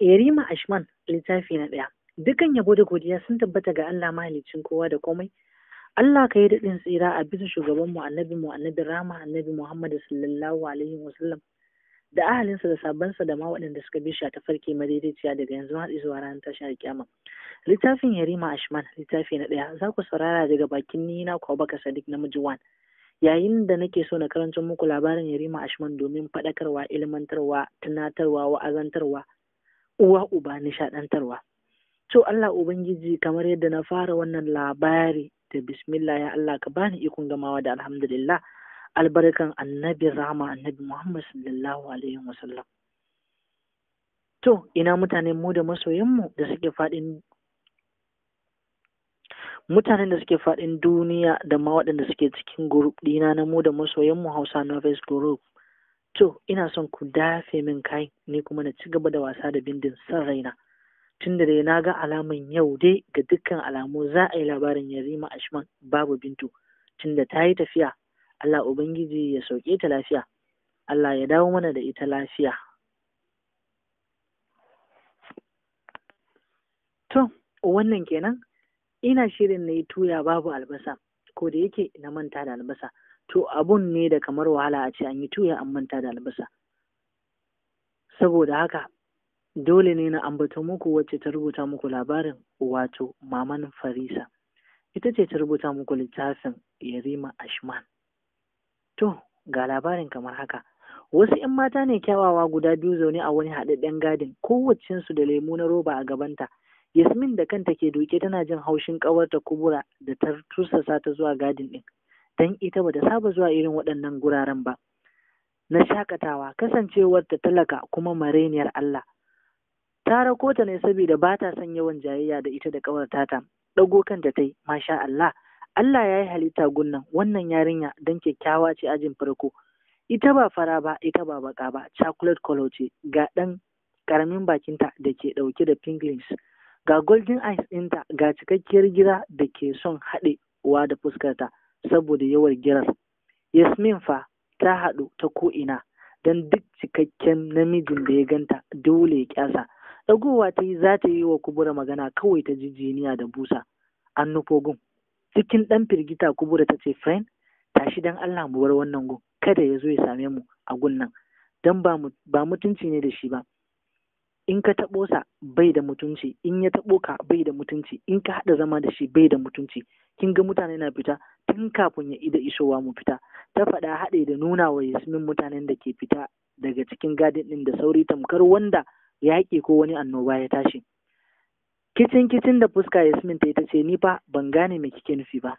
Erima Ashman littafi na ɗaya. Dukan yabo da godiya sun tabbata ga Allah mahalicin kowa da komai. Allah ka yi daɗin tsira a bisa shugabanmu annabi mu annabi rama annabi Muhammadu sallallahu alaihi wasallam da ahalinsa da sabansa da ma waɗanda suka bi shi a madaidaiciya daga yanzu har zuwa ranar tashin alƙiyama. Littafin Yarima Ashman littafi na ɗaya za ku saurara daga bakin ni na kwaba ka Sadiq namiji wan. Yayin da nake so na karanto muku labarin Yarima Ashman domin faɗakarwa, ilmantarwa, tunatarwa, wa'azantarwa, uwa uba nishaɗantarwa. To Allah Ubangiji kamar yadda na fara wannan labari da bismillah ya Allah ka bani ikon gamawa da alhamdulillah albarkan annabi rama annabi Muhammad sallallahu alaihi wasallam. To ina mutanen mu da masoyanmu da suke faɗin mutanen da suke faɗin duniya da ma waɗanda suke cikin group ɗina na mu da masoyanmu Hausa Novice Group. to ina son ku dafe min kai ni kuma na ci gaba da wasa da bindin san raina tun da dai na ga alaman yau dai ga dukkan alamu za a yi labarin yarima ashman babu bintu tun da ta yi tafiya Allah Ubangiji ya sauke ta lafiya Allah ya dawo mana da ita lafiya to wannan kenan ina shirin na yi tuya babu albasa ko da yake na manta da albasa to abun ne da kamar wahala a ce an yi tuya an manta da albasa saboda haka dole ne na ambata muku wacce ta rubuta muku labarin wato maman farisa ita ce ta rubuta muku littafin yarima ashman to ga labarin kamar haka wasu 'yan mata ne kyawawa guda biyu zaune a wani haɗaɗɗen gadin kowacinsu da lemu na roba a gabanta yasmin da kanta ke doke tana jin haushin ƙawarta kubura da ta tursasa ta zuwa gadin ɗin don ita ba ta saba zuwa irin waɗannan guraren ba na shaƙatawa kasancewar ta talaka kuma mareniyar Allah ta rako ta ne saboda ba ta son yawan jayayya da ita da ƙawarta ta ɗago kanta ta yi masha Allah Allah ya yi halitta gunnan wannan yarinya don kyakkyawa ce ajin farko ita ba fara ba ita ba baka ba chocolate color ce ga ɗan ƙaramin bakinta da ke ɗauke da pinklings ga golden eyes ɗinta ga cikakkiyar gida da ke son haɗe, haɗewa da fuskarta saboda yawan giras yasmin fa ta haɗu ta ko'ina don duk cikakken namijin da ya ganta dole ya ƙyasa. ɗagowa ta yi za ta yi wa kubura magana kawai ta jiniya da busa an nufo gun cikin ɗan firgita kubura ta ce friend tashi don allah mu bar wannan gun kada ya zo ya same mu a gun nan don ba mutunci ne da shi ba in ka taɓo sa bai da mutunci in ya taɓo ka bai da mutunci in ka haɗa zama da shi bai da mutunci kin ga mutane na fita tun kafin ya ida isowa mu fita ta faɗa haɗe da nuna wa yasmin mutanen da ke fita daga cikin gadin ɗin da sauri tamkar wanda ya yaƙi ko wani annoba ya tashi kicin kicin da fuska yasmin ta yi ta ce ni fa ban gane me kike nufi ba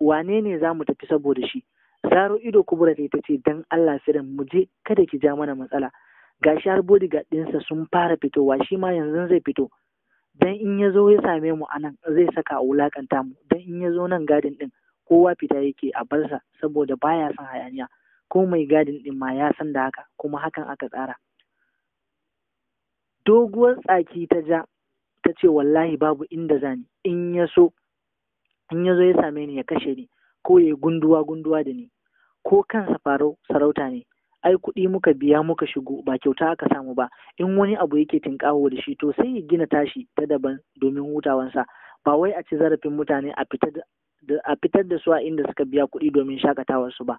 wane ne za mu tafi saboda shi zaro ido kubura ta yi ta ce dan allah firin mu je kada ki ja mana matsala gashi har bodyguard ɗinsa sun fara fitowa shi ma yanzu zai fito dan in ya zo ya same mu anan zai saka a wulakanta mu dan in ya zo nan gadin ɗin kowa fita yake a barsa saboda baya son hayaniya ko mai gadin ɗin ma ya san da haka kuma hakan aka tsara doguwar tsaki ta ja ta ce wallahi babu inda zani in ya so in ya zo ya same ni ya kashe ni ko ya gunduwa gunduwa da ni ko kansa faro sarauta ne ai kuɗi muka biya muka shigo ba kyauta aka samu ba in wani abu yake tinkawo da shi to sai ya gina tashi ta daban domin hutawansa ba wai a ci zarafin mutane a fitar da su a inda suka biya kuɗi domin shakatawar su ba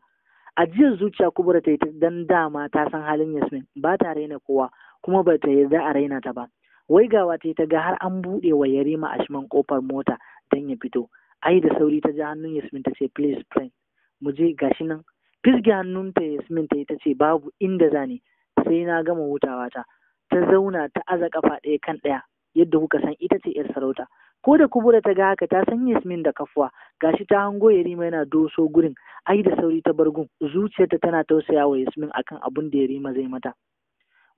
ajiyar zuciya kubura ta yi dan dama ta san halin yasmin ba ta raina kowa kuma ba ta yarda a raina ta ba Wai gawa ta yi ta ga har an buɗe wa a shiman kofar mota don ya fito ai da sauri ta ji hannun yasmin ta ce please friend mu je gashi nan fisge hannunta yasmin ta ita ce babu inda zane sai na gama hutawa ta ta zauna ta aza kafa ɗaya kan ɗaya yadda kuka san ita ce yar sarauta ko da kubura ta ga haka ta san yasmin da kafuwa gashi ta hango yarima yana doso gurin ai da sauri ta bargun zuciyarta tana tausaya wa yasmin akan abun da yarima zai mata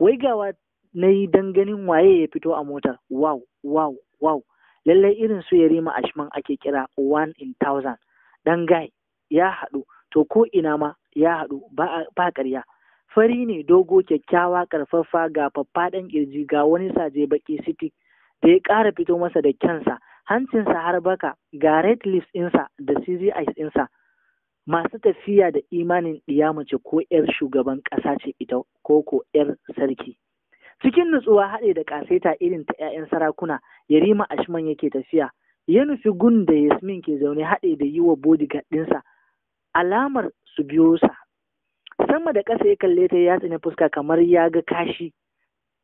Wai gawa na yi ganin waye ya fito a motar wow wow wow lallai irin su yarima ashman ake kira one in thousand dan gai ya haɗu to ko ina ma ya haɗu ba ƙarya fari ne dogo kyakkyawa ƙarfafa ga faffaɗan ƙirji ga wani saje baƙi siti da ya ƙara fito masa da kyansa hancinsa har baka ga red Leaves ɗinsa da CG ice ɗinsa masu tafiya da imanin ɗiya mace ko 'yar shugaban ƙasa ce ita ko ko 'yar sarki cikin nutsuwa haɗe da ƙasaita irin ta 'ya'yan sarakuna yarima ashman yake tafiya ya nufi gun da yasmin ke zaune haɗe da yi wa bodyguard ɗinsa alamar su biyo sa sama da ƙasa ya kalle ta ya tsine fuska kamar ya ga kashi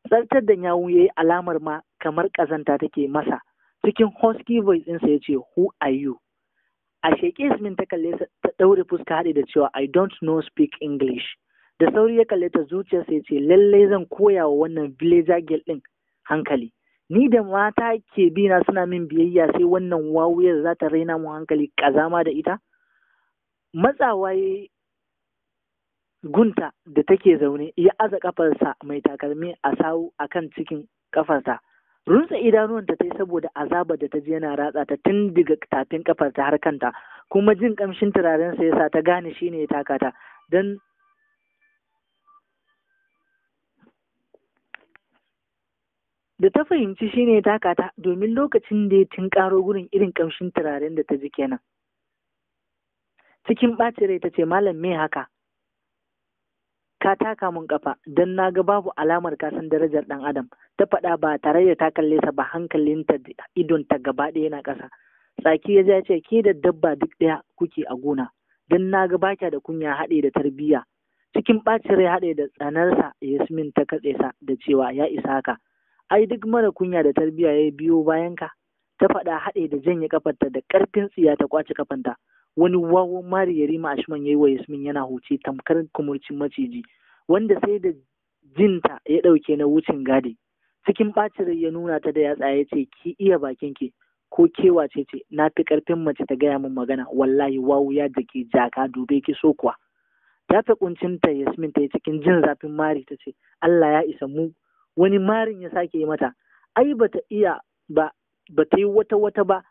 tsartar da yawu ya yi alamar ma kamar ƙazanta take masa cikin husky voice ɗinsa ya ce who are you a sheƙe ismin ta kalle ta ɗaure fuska haɗe da cewa i don't know speak english da sauri ya kalle ta zuciyarsa ya ce lallai zan koya wa wannan villager girl ɗin hankali ni da mata ke bina suna min biyayya sai wannan wawuyar za ta raina mu hankali ƙazama da ita matsawa gunta da take zaune ya aza kafarsa mai takalmi a sawu kan cikin kafarsa runsa idanuwanta ta yi saboda azaba da ta ji yana ratsa ta tun daga tafin kafarta har kanta kuma jin kamshin turarensa ya sa ta gane shine ya taka ta da ta fahimci shine ya taka domin lokacin da ya tinkaro gurin irin kamshin turaren da ta ji kenan cikin ɓaci rai ta ce malam me haka ka taka mun kafa don na ga babu alamar kasan darajar ɗan adam ta faɗa ba tare da ta kalle sa ba ta hankalin idon ta gaba ɗaya na ƙasa tsaki ya ce ke da dabba duk ɗaya kuke a gona don na ga baka da kunya haɗe da tarbiyya cikin ɓacin rai haɗe da tsanarsa yasmin ta katse sa da cewa ya isa haka ai duk mara kunya da tarbiyya ya biyo bayanka ta faɗa haɗe da janye kafarta da ƙarfin tsiya ta kwace kafanta wani wawon mari ya rima ashman yi wa yasmin yana huce tamkar kumurcin maciji wanda sai da jinta ya ɗauke na wucin gadi cikin ɓacin ya nuna ta da yatsa ya ce ki iya bakin ki ko kewa ce ce na fi ƙarfin mace ta gaya min magana wallahi wawu ya jake jaka dube ki so kuwa ta fi kuncinta yasmin ta yi cikin jin zafin mari ta ce allah ya isa mu wani marin ya sake yi mata ai bata iya ba bata yi wata wata ba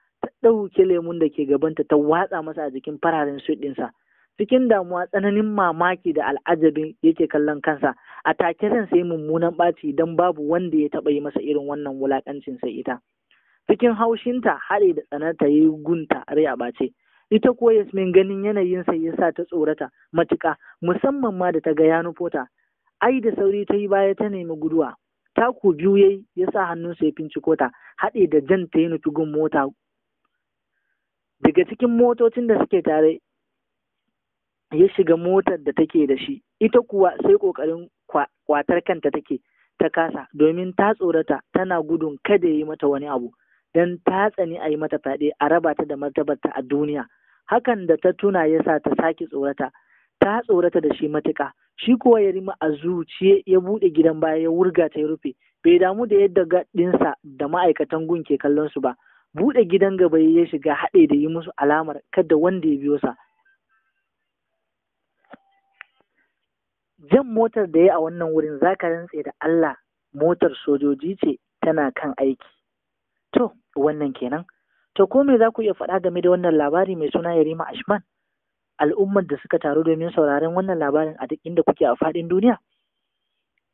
ɗauke lemun da ke gabanta ta watsa masa a jikin fararen suɗinsa. ɗinsa. Cikin damuwa tsananin mamaki da al'ajabi yake kallon kansa, a take zan sai mummunan ɓaci don babu wanda ya taɓa yi masa irin wannan wulaƙancin sai ita. Cikin haushinta haɗe da tsanarta ya yi gunta rai a ɓace. Ita kuwa Yasmin ganin yanayinsa ya sa ta tsorata matuƙa musamman ma da ta ga ya nufota. Ai da sauri ta yi baya ta nemi guduwa. Taku biyu ya yi ya sa hannunsa ya finciko ta haɗe da jan ta yi nufi mota daga cikin motocin da suke tare ya shiga motar da take da shi ita kuwa sai ƙoƙarin kwatar kanta take ta kasa domin ta tsorata tana gudun kada ya yi mata wani abu don ta tsani a yi mata fyaɗe a raba ta da martabarta a duniya hakan da ta tuna ya sa ta sake tsorata ta tsorata da shi matuka. shi kuwa ya rima a zuciye ya buɗe gidan baya ya wurga ta ya rufe bai damu da yadda gaɗinsa da ma'aikatan gun ke kallon su ba buɗe gidan gaba ya shiga haɗe da yi musu alamar kada wanda ya biyo sa jan motar da ya a wannan wurin zaka rantse da Allah motar sojoji ce tana kan aiki to wannan kenan to ko me za ku iya faɗa game da wannan labari mai suna Yarima Ashman al'ummar da suka taru domin sauraron wannan labarin a duk inda kuke a faɗin duniya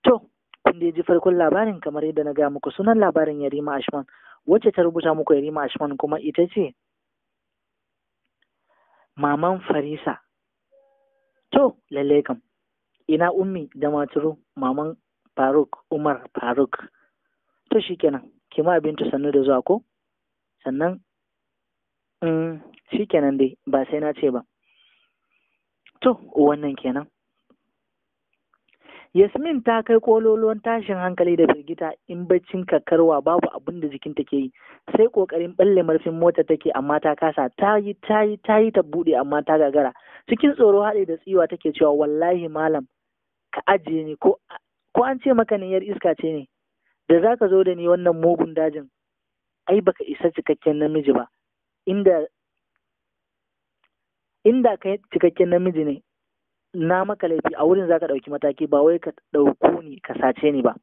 to kun ji farkon labarin kamar yadda na ga muku sunan labarin Yarima Ashman wacce ta rubuta muku Yarima Ashman kuma ita ce maman Farisa to lalle kam ina ummi da maturu maman Faruk Umar Faruk to shikenan kima bintu sannu da zuwa ko sannan shi mm, shikenan dai ba sai na ce ba to wannan kenan yasmin ta kai kololuwan tashin hankali da birgita in baccin kakarwa babu abin da jikinta ke yi sai kokarin balle marfin mota take amma ta kasa ta yi ta yi ta yi ta bude amma ta gagara cikin tsoro haɗe da tsiwa take cewa wallahi malam ka ajiye ni ko ko an ce maka ne yar iska ce ne da zaka zo da ni wannan mugun dajin ai baka isa cikakken namiji ba inda inda kai cikakken namiji ne na maka laifi a wurin za ka ɗauki mataki ba wai ka ɗauko ni ka sace ni ba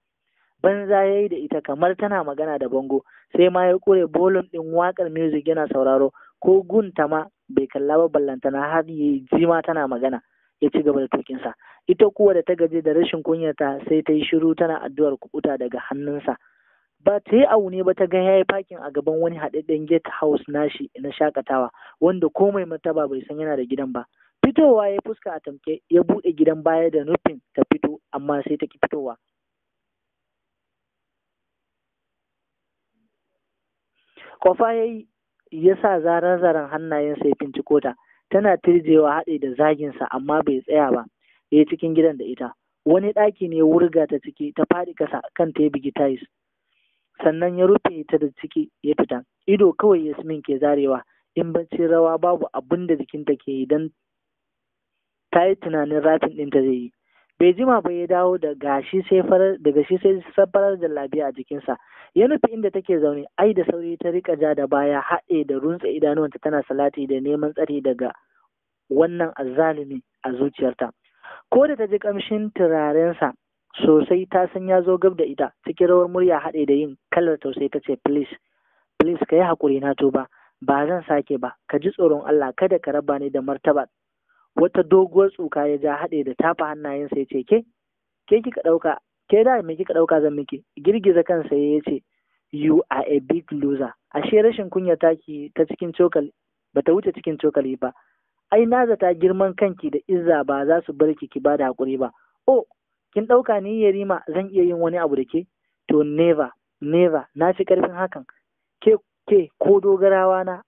banza ya yi da ita kamar tana magana da bango sai ma ya kure bolon ɗin waƙar music yana sauraro ko gun ta ma bai kalla ba ballantana har ya ji ma tana magana ya ci gaba da tukinsa ita kuwa da ta gaje da rashin kunyata sai ta yi shiru tana addu'ar kuɓuta daga hannunsa ba ta yi ne ba ta ga yi fakin a gaban wani haɗaɗɗen gate house nashi na shakatawa wanda komai mataba martaba bai san yana da gidan ba fitowa ya fuska a tamke ya buɗe gidan baya da nufin ta fito amma sai ta ki fitowa kofa ya yi ya sa zaren zaren hannayensa ya finciko ta tana tirjewa haɗe da zaginsa amma bai tsaya ba ya yi cikin gidan da ita wani ɗaki ne ya wurga ta ciki ta faɗi ƙasa kan ta tais sannan ya rufe ta da ciki ya fita ido kawai yasmin ke zarewa in bacci rawa babu abin da jikinta ke yi don ta yi tunanin ratin ɗin ta zai yi bai jima ba ya dawo da gashi sai farar daga shi sai safarar labiya a jikinsa ya nufi inda take zaune ai da sauri ta rika ja da baya haɗe da runtse idanuwanta tana salati da neman tsari daga wannan azzalumi a zuciyarta ko da ta ji ƙamshin turarensa sosai ta san ya zo gab da ita cikin rawar murya haɗe da yin kalar tausayi ta ce please please ka yi haƙuri na tuba ba zan sake ba ka ji tsoron Allah kada ka raba ni da martaba wata doguwar tsuka ya ja haɗe da tafa hannayensa ya ce ke ke kika ɗauka ke da me kika ɗauka zan miki girgiza kansa ya ce you are a big loser ashe rashin kunya taki ta cikin cokali bata wuce cikin cokali ba ai na zata girman kanki da izza ba za su bar ki ki da hakuri ba o kin ɗauka ni yarima zan iya yin wani abu da ke to never never na fi ƙarfin hakan ke ke ko dogarawa na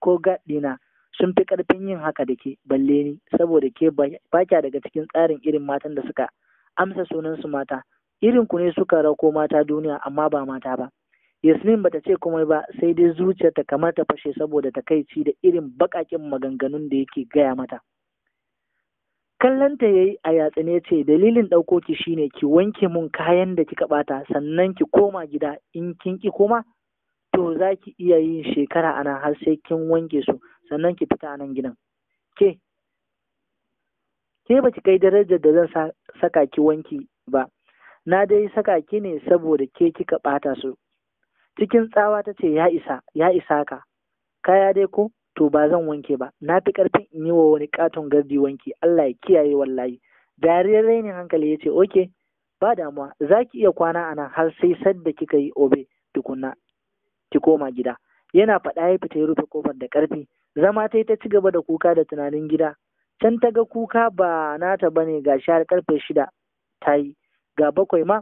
ko gaɗina sun fi ƙarfin yin haka da ke balle ni saboda ke ba kya daga cikin tsarin irin matan da suka amsa sunansu mata irin ku ne suka rako mata duniya amma ba mata ba yasmin bata ce komai ba sai dai zuciyarta kamar ta fashe saboda ta takaici da irin baƙaƙen maganganun da yake gaya mata kallon ta yayi a yatsune ce dalilin ɗauko ki shine ki wanke mun kayan da kika bata sannan ki koma gida in kin ki koma to za ki iya yin shekara ana har sai kin wanke su sannan ki fita a nan gidan ke ke ba ki kai darajar da zan saka ki wanki ba na dai saka ki ne saboda ke kika bata so. cikin tsawa ta ce ya isa ya isa ka kaya dai ko to ba zan wanke ba na fi ƙarfin in yi wa wani katon gardi wanki Allah ya kiyaye wallahi dariyar rainin hankali ya ce oke ba damuwa za ki iya kwana a nan har sai sadda kika yi obe tukunna ki koma gida yana faɗa ya fita ya rufe kofar da ƙarfi zama ta yi ta ci gaba da kuka da tunanin gida can ta ga kuka ba nata ba bane ga shi har karfe shida ta yi ga bakwai ma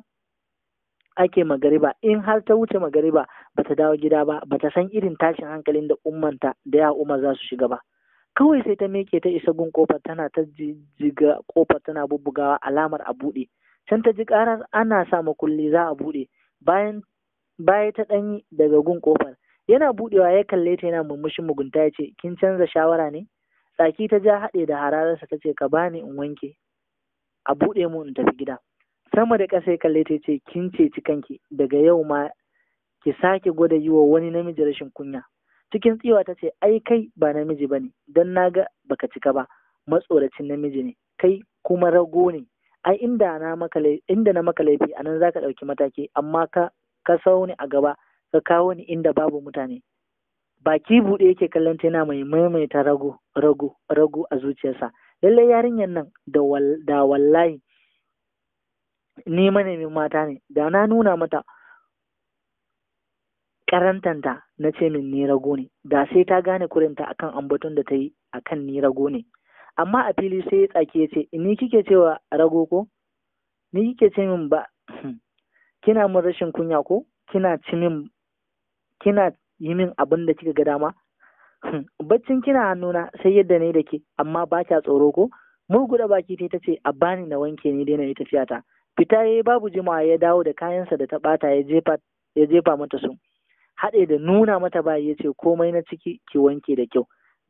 ake magariba in har ta wuce magariba ba ta dawo gida ba Ba ta san irin tashin hankalin da ummanta da ya umar za su shiga ba kawai sai ta meke ta isa gun kofar tana ta jijjiga kofar tana bubbugawa alamar a buɗe can ta ji karar ana sa makulli za a buɗe bayan baya ta ɗanyi daga gun kofar yana buɗewa ya kalle ta yana murmushin mugunta ya ce kin canza shawara ne tsaki ta ja haɗe da hararsa ta ce ka bani in wanke a buɗe mu in tafi gida sama da ƙasa ya kalle ta ce kin ceci kanki daga yau ma ki sake gwada yiwa wani namiji rashin kunya cikin tsiwa ta ce ai kai ba namiji bane dan naga baka cika ba matsoracin namiji ne kai kuma rago ne ai inda na maka inda na maka laifi anan zaka ɗauki mataki amma ka ka sauni a gaba ka kawo ni inda babu mutane baki buɗe yake kallon tana mai maimaita rago rago rago a zuciyarsa lallai yarinyar nan da wallahi ni manemin mata ne da na nuna mata karantanta na ce min ni rago ne da sai ta gane kurinta akan ambaton da ta yi akan ni rago ne amma a fili sai ya tsaki ya ce ni kike cewa rago ko ni kike ce min ba hmm, kina min rashin kunya ko kina ci min kina yi min abin da kika ga dama hmm, baccin kina hannuna sai yadda ne da ke amma ba kya tsoro ko murguda baki ta ce a bani na wanke ni dai na yi tafiya ta fita yayi babu jimawa ya dawo da kayansa da ta bata ya jefa ya jefa mata su haɗe da nuna mata ba ya ce komai na ciki ki wanke da kyau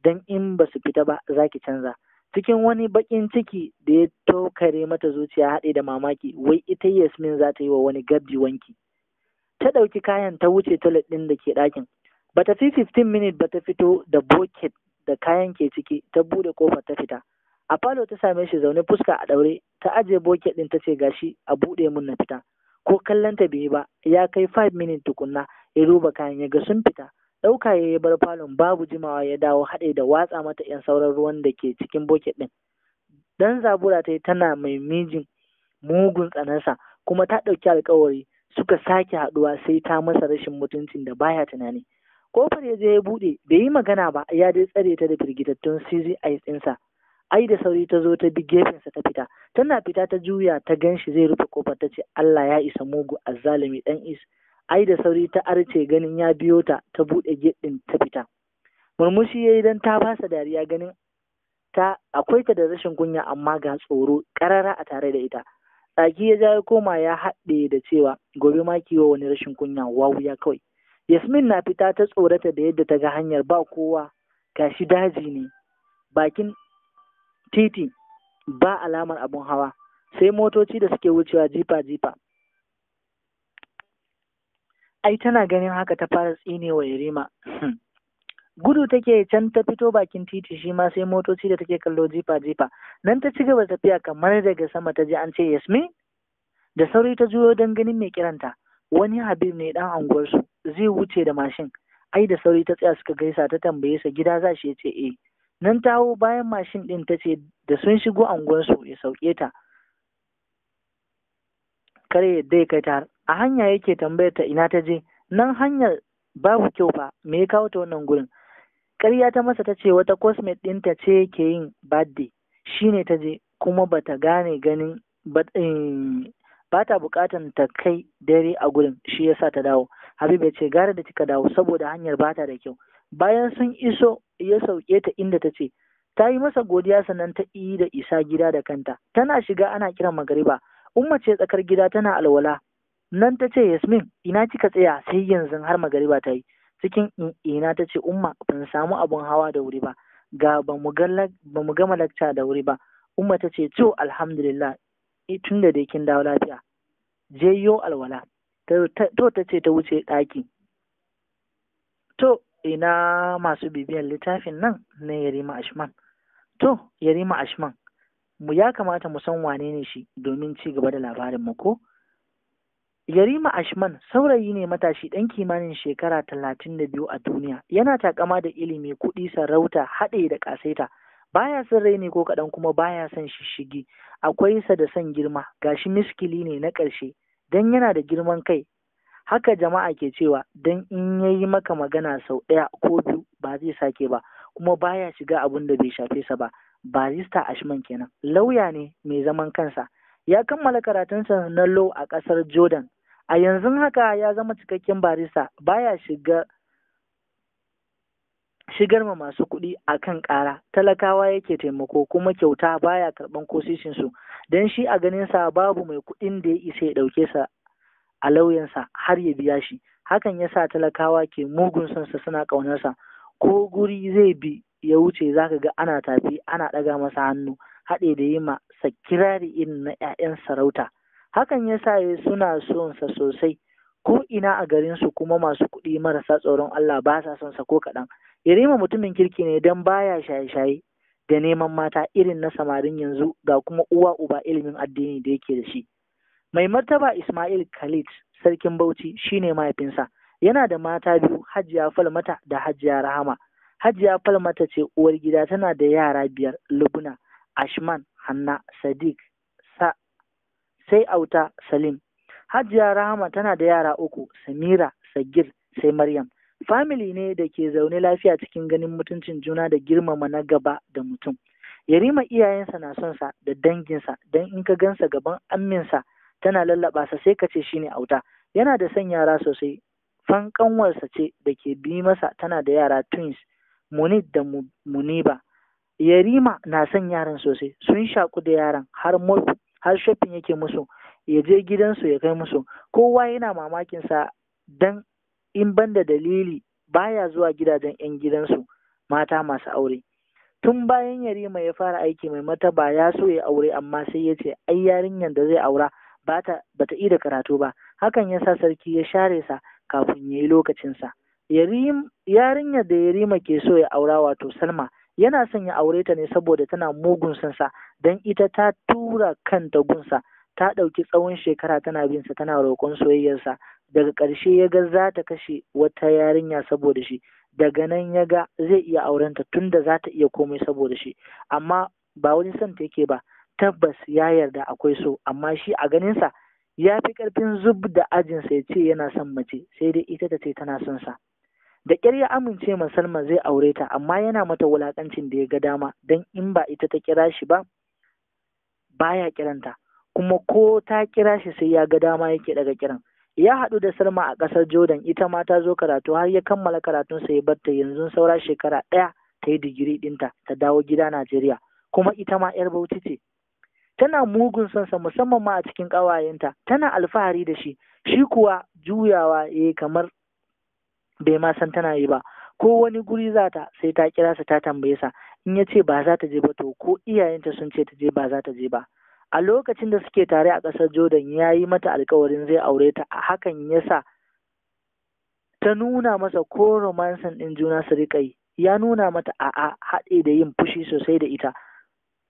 dan in ba su fita ba za ki canza cikin wani bakin ciki da ya tokare mata zuciya haɗe da mamaki wai ita yasmin za ta yi wa wani gabbi wanki ta ɗauki kayan ta wuce toilet ɗin da ke ɗakin bata fi 15 minutes ba ta fito da bucket da kayan ke ciki ta buɗe kofar ta fita a falo ta same shi zaune fuska a ɗaure ta ajiye bucket ɗin ta ce gashi a buɗe mun na fita ko kallon ta bai ba ya kai 5 minutes tukunna ya duba kayan ya ga sun fita ɗauka ya yi bar falon babu jimawa ya dawo haɗe da watsa mata 'yan sauran ruwan da ke cikin bucket ɗin dan zabura ta yi tana mai mijin mugun tsanansa kuma ta ɗauki alkawari suka sake haɗuwa sai ta masa rashin mutuncin da baya tunani kofar ya je ya buɗe bai yi magana ba ya dai tsare ta da firgitattun cz ɗinsa ai da sauri ta zo ta bi gefensa ta fita tana fita ta juya ta gan shi zai rufe kofar ta ce Allah ya isa mugu zalumi dan is ai da sauri ta arce ganin ya biyo ta ta buɗe gate ta fita murmushi ya yi dan ta fasa dariya ganin ta akwai ta da rashin kunya amma ga tsoro karara a tare da ita tsaki ya ja koma ya haɗe da cewa gobe ma kiwo wani rashin kunya wawuya kawai yasmin na fita ta tsorata da yadda ta ga hanyar ba kowa gashi daji ne bakin titi ba alamar abun hawa sai motoci da suke wucewa jifa jifa ai tana ganin haka ta fara tsinewa, yarima hmm. gudu take can ta fito bakin titi shi ma sai motoci da take kallo jifa jifa nan ta ci gaba tafiya kamar daga sama ta ji an ce yasmin da sauri ta juyo don ganin mai kiranta wani habib ne dan unguwarsu, zai wuce da mashin ai da sauri ta tsaya suka gaisa ta tambaye sa gida za shi ya ce eh nan ta hau bayan mashin din ta ce da sun shigo unguwarsu, ya sauke ta kare yadda ya kai ta a hanya yake tambayar ta ina ta je nan hanyar babu kyau fa me ya kawo ta wannan gurin ƙarya ta masa ta ce wata cosmet ɗinta ce ke yin birthday shi ne ta je kuma ba ta gane ganin ba eh, ta buƙatan ta kai dare a gurin shi ya sa ta dawo Habiba ya ce gara da kika dawo saboda hanyar ba ta da kyau bayan sun iso ya sauke ta inda ta ce ta yi masa godiya sannan ta yi da isa gida da kanta tana shiga ana kiran magariba umma ce tsakar gida tana alwala nan ta ce yasmin ina kika tsaya sai yanzu har magariba ta yi cikin ina ta ce umma ban samu abin hawa da wuri ba ga ba mu gama lacca da wuri ba umma ta ce to alhamdulillah tun da dai kin dawo lafiya je yo alwala to ta ce ta wuce ɗaki to ina masu bibiyar littafin nan na yarima ashman to yarima ashman mu ya kamata mu san wane ne shi domin ci gaba da labarin mu ko Yarima Ashman saurayi ne matashi ɗan kimanin shekara talatin da biyu a duniya, yana takama da ilimi kuɗi sarauta haɗe da ƙasaita. Baya son ne ko kaɗan kuma baya son shishigi, akwai sa da son girma, gashi miskili ne na ƙarshe, don yana da girman kai. Haka jama'a ke cewa don in ya yi maka magana sau ɗaya ko biyu ba zai sake ba, kuma baya shiga abin da bai shafe sa ba. Barista Ashman kenan, lauya ne mai zaman kansa. ya kammala karatunsa na law a ƙasar jordan a yanzu haka ya zama cikakken barista baya shiga shigar ma masu kuɗi a kan ƙara talakawa yake taimako kuma kyauta baya karɓan kosishinsu don shi a ganin sa, babu mai kuɗin da ya isa ya ɗauke sa a lauyansa har ya biya shi hakan ya sa talakawa ke mugun sonsa suna ƙaunarsa ko guri zai bi ya wuce zaka ga ana tafi ana ɗaga masa hannu haɗe da yi ma sa kirari irin na 'ya'yan sarauta hakan ya sa suna sonsa sosai ko ina a garinsu kuma masu kuɗi marasa tsoron Allah ba sa son sa ko kaɗan yarima mutumin kirki ne don baya shaye-shaye da neman mata irin na samarin yanzu ga kuma uwa uba ilimin addini da yake da shi mai martaba Ismail Khalid sarkin Bauchi shine mahaifinsa yana da mata biyu Hajiya Falmata da Hajiya Rahama Hajiya Falmata ce uwar gida tana da yara biyar lubna Ashman hanna sadiq sa sai auta salim hajiya rahama tana da yara uku samira sagir sai maryam famili ne da ke zaune lafiya cikin ganin mutuncin juna da girmama na gaba da mutum yarima iyayensa na son sa da danginsa dan in ka gansa gaban amminsa tana lallaba sa sai ka ce shine auta yana da son yara sosai fan kanwarsa ce da ke bi masa tana da yara twins munid da muniba yarima na son yaran sosai sun shaku da yaran har har shopping yake musu ya je gidansu ya kai musu kowa yana mamakin sa dan in banda dalili baya zuwa gidajen 'yan gidansu mata masu aure tun bayan yarima ya fara aiki mai mataba ya so ya aure amma sai ya ce ai yarinyar da zai aura bata ta da karatu ba hakan ya sa sarki ya share sa kafin ya yi lokacinsa yarinyar da yarima ke so ya aura wato salma yana son ya aure ta ne saboda tana mugun sansa don ita ta tura kanta gunsa ta ɗauki tsawon shekara tana bin sa, tana roƙon soyayyarsa daga ƙarshe ya ga za ta kashe wata yarinya saboda shi daga nan ya ga zai iya aurenta tun da za ta iya komai saboda shi amma ba wani son ta yake ba tabbas ya yarda akwai so amma shi a ganinsa ya fi ƙarfin zub da ajinsa ya ce yana son mace sai dai ita ta ce tana son sa da ƙyar ya amince ma Salma zai aure ta amma yana mata wulakancin da ya ga dama don in ba ita ta kira shi ba baya kiranta kuma ko ta kira shi sai ya ga dama yake daga kiran ya haɗu da Salma a ƙasar Jordan ita ma ta zo karatu har ya kammala karatun sa ya barta yanzu saura shekara ɗaya ta yi digiri ɗinta ta dawo gida Najeriya kuma ita ma 'yar Bauchi ce tana mugun sansa musamman ma a cikin ƙawayenta tana alfahari da shi shi kuwa juyawa ya kamar bai ma san tana yi ba ko wani guri za ta sai ta kira sa ta tambaye sa in ya ce ba za ta je ba to ko iyayenta sun ce ta je ba za ta je ba a lokacin da suke tare a ƙasar jordan ya yi mata alkawarin zai aure ta a hakan ya sa ta nuna masa ko romansin ɗin juna su riƙa yi ya nuna mata a a haɗe da yin fushi sosai da ita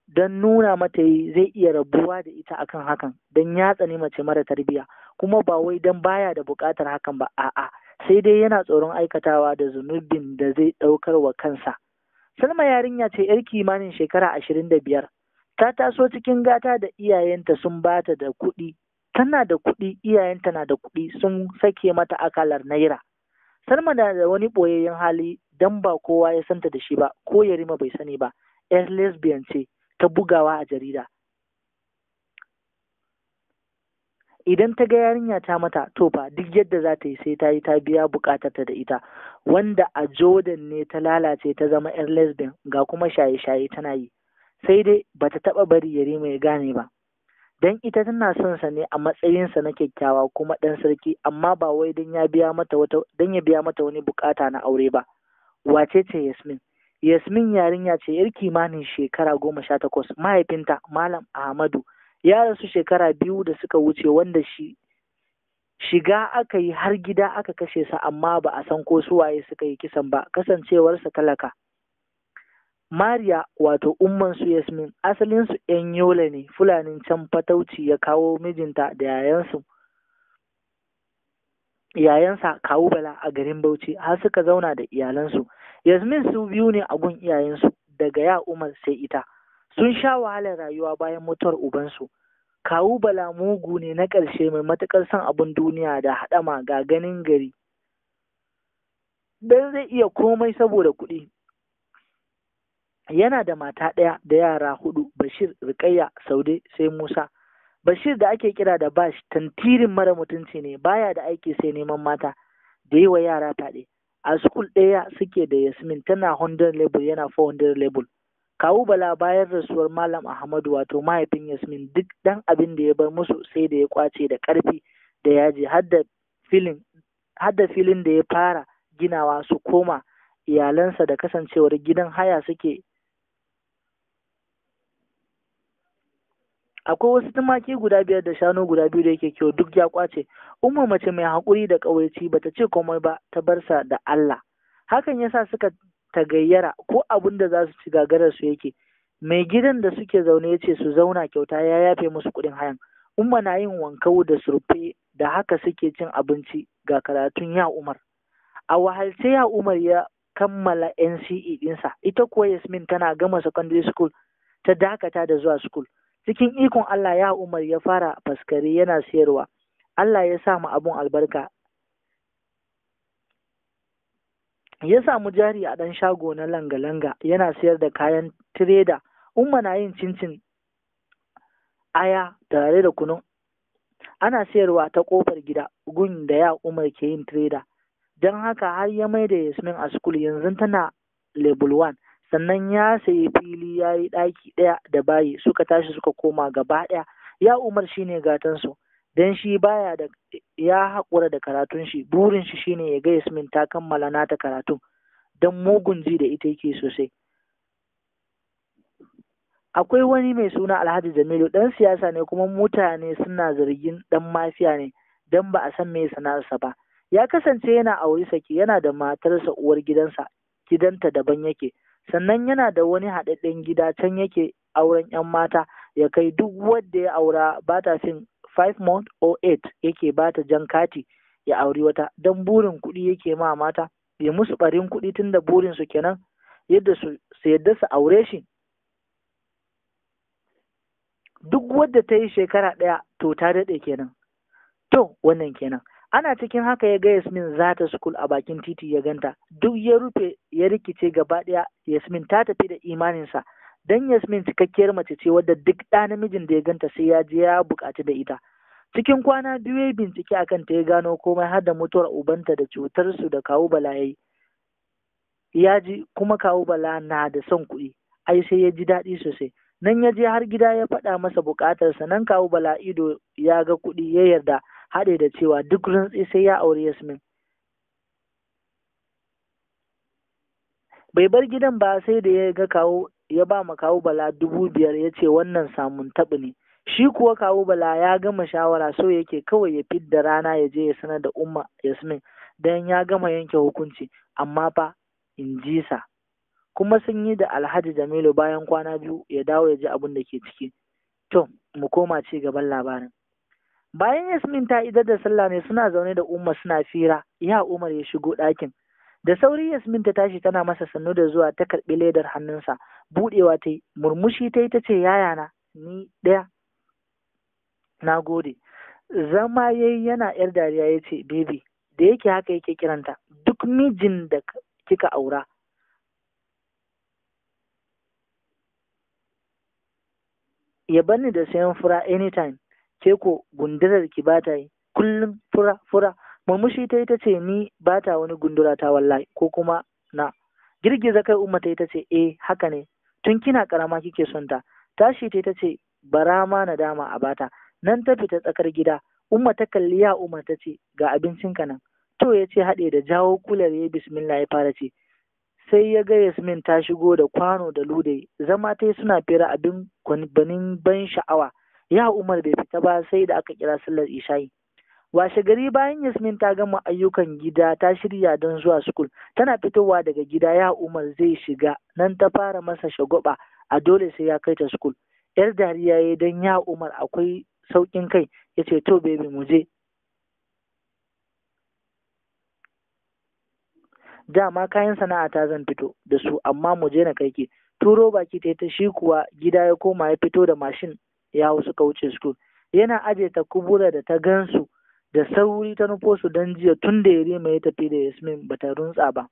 don nuna mata yi zai iya rabuwa da ita akan hakan don ya tsani mace mara tarbiyya. kuma ba wai don baya da buƙatar hakan ba a'a sai dai yana tsoron aikatawa da zunubin da zai ɗaukar wa kansa. Salma yarinya ce ‘yar kimanin shekara ashirin da biyar, ta taso cikin gata da iyayenta sun bata da kuɗi, tana da kuɗi iyayenta na da kuɗi sun sake mata akalar naira. Salma na da wani ɓoyayyen hali don ba kowa ya santa da shi ba, ko Yarima bai sani ba, ‘yar lesbian ce ta bugawa a jarida. idan ta ga yarinya ta mata to fa duk yadda za ta yi sai ta yi ta biya bukatarta da ita wanda a jordan ne ta lalace ta zama yar lesbian ga kuma shaye-shaye tana yi sai dai ba ta taɓa bari yare mai gane ba dan ita tana son sa ne a matsayinsa na kyakkyawa kuma ɗan sarki amma ba wai dan ya biya mata wata dan ya biya mata wani bukata na aure ba wace ce yasmin yasmin yarinya ce yar kimanin shekara goma sha takwas mahaifinta malam ahmadu ya rasu shekara biyu da suka wuce wanda shi shiga aka yi har gida aka kashe sa amma ba a san ko suwaye suka yi kisan ba kasancewarsa talaka Mariya wato umman Yasmin asalinsu ‘yan yola ne fulanin can fatauci ya kawo mijinta da yayansu yayansa kawo bala a garin Bauchi har suka zauna da iyalansu Yasmin su biyu ne a gun iyayensu daga ya Umar sai ita sun sha wahalar rayuwa bayan mutuwar ubansu kawu bala mugu ne na ƙarshe mai matuƙar son abin duniya da haɗama ga ganin gari dan zai iya komai saboda kuɗi yana da mata ɗaya da yara hudu bashir rikayya saude sai musa bashir da ake kira da bash tantirin mara mutunci ne baya da aiki sai neman mata da yi wa yara taɗe a sukul ɗaya suke da yasmin tana 100 level yana 400 level kawu bala bayan rasuwar malam ahmadu wato mahaifin yasmin duk dan abin da ya bar musu sai da ya kwace da karfi da yaji har da filin da ya fara ginawa su koma iyalansa da kasancewar gidan haya suke akwai wasu tumaki guda biyar da shanu guda biyu da yake kyau duk ya kwace umma mace mai hakuri da kawaici bata ce komai ba ta barsa da Allah hakan yasa suka ta gayyara ko abin da za su ci gagarar su yake mai gidan da suke zaune ya ce su zauna kyauta ya yafe musu kuɗin hayan umma na yin wankau da surfe da haka suke cin abinci ga karatun ya umar a wahalce ya umar ya kammala nce ɗinsa ita kuwa yasmin tana gama secondary school ta dakata da zuwa school cikin ikon allah ya umar ya fara faskare yana sayarwa allah ya sa mu abun albarka ya samu jari a ɗan shago na langa-langa yana sayar da kayan tireda umma na yin cincin aya tare da kunu ana sayarwa ta ƙofar gida gun da ya umar ke yin tireda don haka har ya mai da yasmin a school yanzu tana level one sannan ya sayi fili ya yi ɗaki ɗaya da bayi suka tashi suka koma gaba ɗaya ya umar shine gatansu dan shi baya da ya haƙura da karatun shi burin shi shine ya ga Yasmin ta kammala nata karatu. dan mugun ji da ita yake sosai akwai wani mai suna Alhaji Jamilu dan siyasa ne kuma mutane suna zargin dan mafiya ne dan ba a san me sana'arsa ba ya kasance yana aure saki yana da matarsa uwar gidansa gidanta daban yake sannan yana da wani haɗaɗɗen gida can yake auren 'yan mata ya kai duk wanda ya aura ba ta fin Five month or eight, yake ba ta jan kati ya auri wata don burin kuɗi yake ma mata ya musu ɓarin kuɗi tun da burin su kenan yadda su yadda su aure shi duk wadda ta yi shekara ɗaya to ta daɗe kenan to wannan kenan ana cikin haka ya ga yasmin za ta school a bakin titi ya ganta duk ya rufe ya rikice gaba ɗaya yasmin ta tafi da imaninsa dan Yasmin cikakkiyar mace ce wadda duk ɗa namijin da ya ganta sai ya je ya buƙaci da ita cikin kwana biyu ya bincike akan ta ya gano komai har da mutuwar ubanta da cutar su da kawu bala ya ji kuma kawu bala na da son kuɗi ai sai ya ji daɗi sosai nan ya je har gida ya faɗa masa buƙatarsa nan kawu bala ido ya ga kuɗi ya yarda haɗe da cewa duk rantsi sai ya auri yasmin bai bar gidan ba sai da ya ga kawo ya ba ma kawu bala dubu biyar ya ce wannan samun taɓi ne shi kuwa kawu bala ya gama shawara so yake kawai ya fidda rana ya je ya sanar da umma yasmin don ya gama yanke hukunci amma fa in ji sa kuma sun yi da alhaji jamilu bayan kwana biyu ya dawo ya ji abin da ke ciki to mu koma ci gaban labarin bayan yasmin ta idar da sallah ne suna zaune da umma suna fira ya umar ya shigo ɗakin da sauri yasmin ta tashi tana masa sannu da zuwa ta karɓi ledar hannunsa buɗewa ta yi murmushi ta yi ta ce yaya na ni ɗaya na gode zama ya yi yana yar dariya ya ce bebe da yake haka yake kiranta duk mijin da kika aura ya bani da sayan fura anytime ke ko gundurar ki ba ta yi kullum fura fura murmushi ta yi ta ce ni ba ta wani gundura ta wallahi ko kuma na girgiza kai umma ta yi ta ce eh haka ne tun kina karama kike son ta tashi ta ce bara ma na dama a bata nan ta fita tsakar gida umma ta kalli ya umma ta ce ga abincin ka nan to ya ce haɗe da jawo kular ya bismillah ya fara ce sai ya ga yasmin ta shigo da kwano da lude zama ta suna fira abin kunbanin ban sha'awa ya umar bai fita ba sai da aka kira sallar isha'i washe gari bayan yasmin ta gama ayyukan gida ta shirya don zuwa sukul tana fitowa daga gida ya umar zai shiga nan ta fara masa shagoba a dole sai ya kai ta sukul yar dariya ya don ya umar akwai saukin kai ya ce to bebe mu je dama kayan sana'a ta zan fito da su amma mu je na kai ke. turo baki ta ta shi kuwa gida ya koma ya fito da mashin ya suka wuce sukul yana ajiye ta kubura da ta gansu da sauri ta nufo su don jiya tun da yarima ya tafi da yasmin bata runtsa ba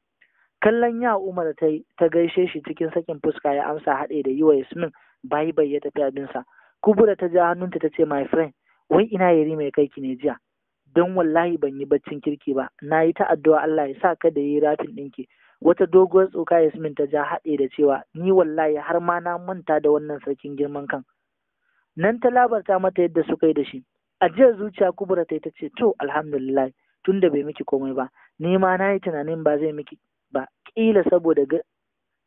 kallon ya umar ta ta gaishe shi cikin sakin fuska ya amsa haɗe da yi wa yasmin bayi bai ya tafi abinsa kubura ta ja hannunta ta ce my friend wai ina yarima ya kai ki ne jiya don wallahi ban yi baccin kirki ba na yi ta addu'a Allah ya sa ka da yi rafin ɗinki wata doguwar tsoka Yasmin ta ja haɗe da cewa ni wallahi har ma na manta da wannan sarkin girman kan nan ta labarta mata yadda suka yi da shi A ajiyar zuciya kubura ta ce to alhamdulillah tunda bai miki komai ba ni ma na yi tunanin ba zai miki ba kila saboda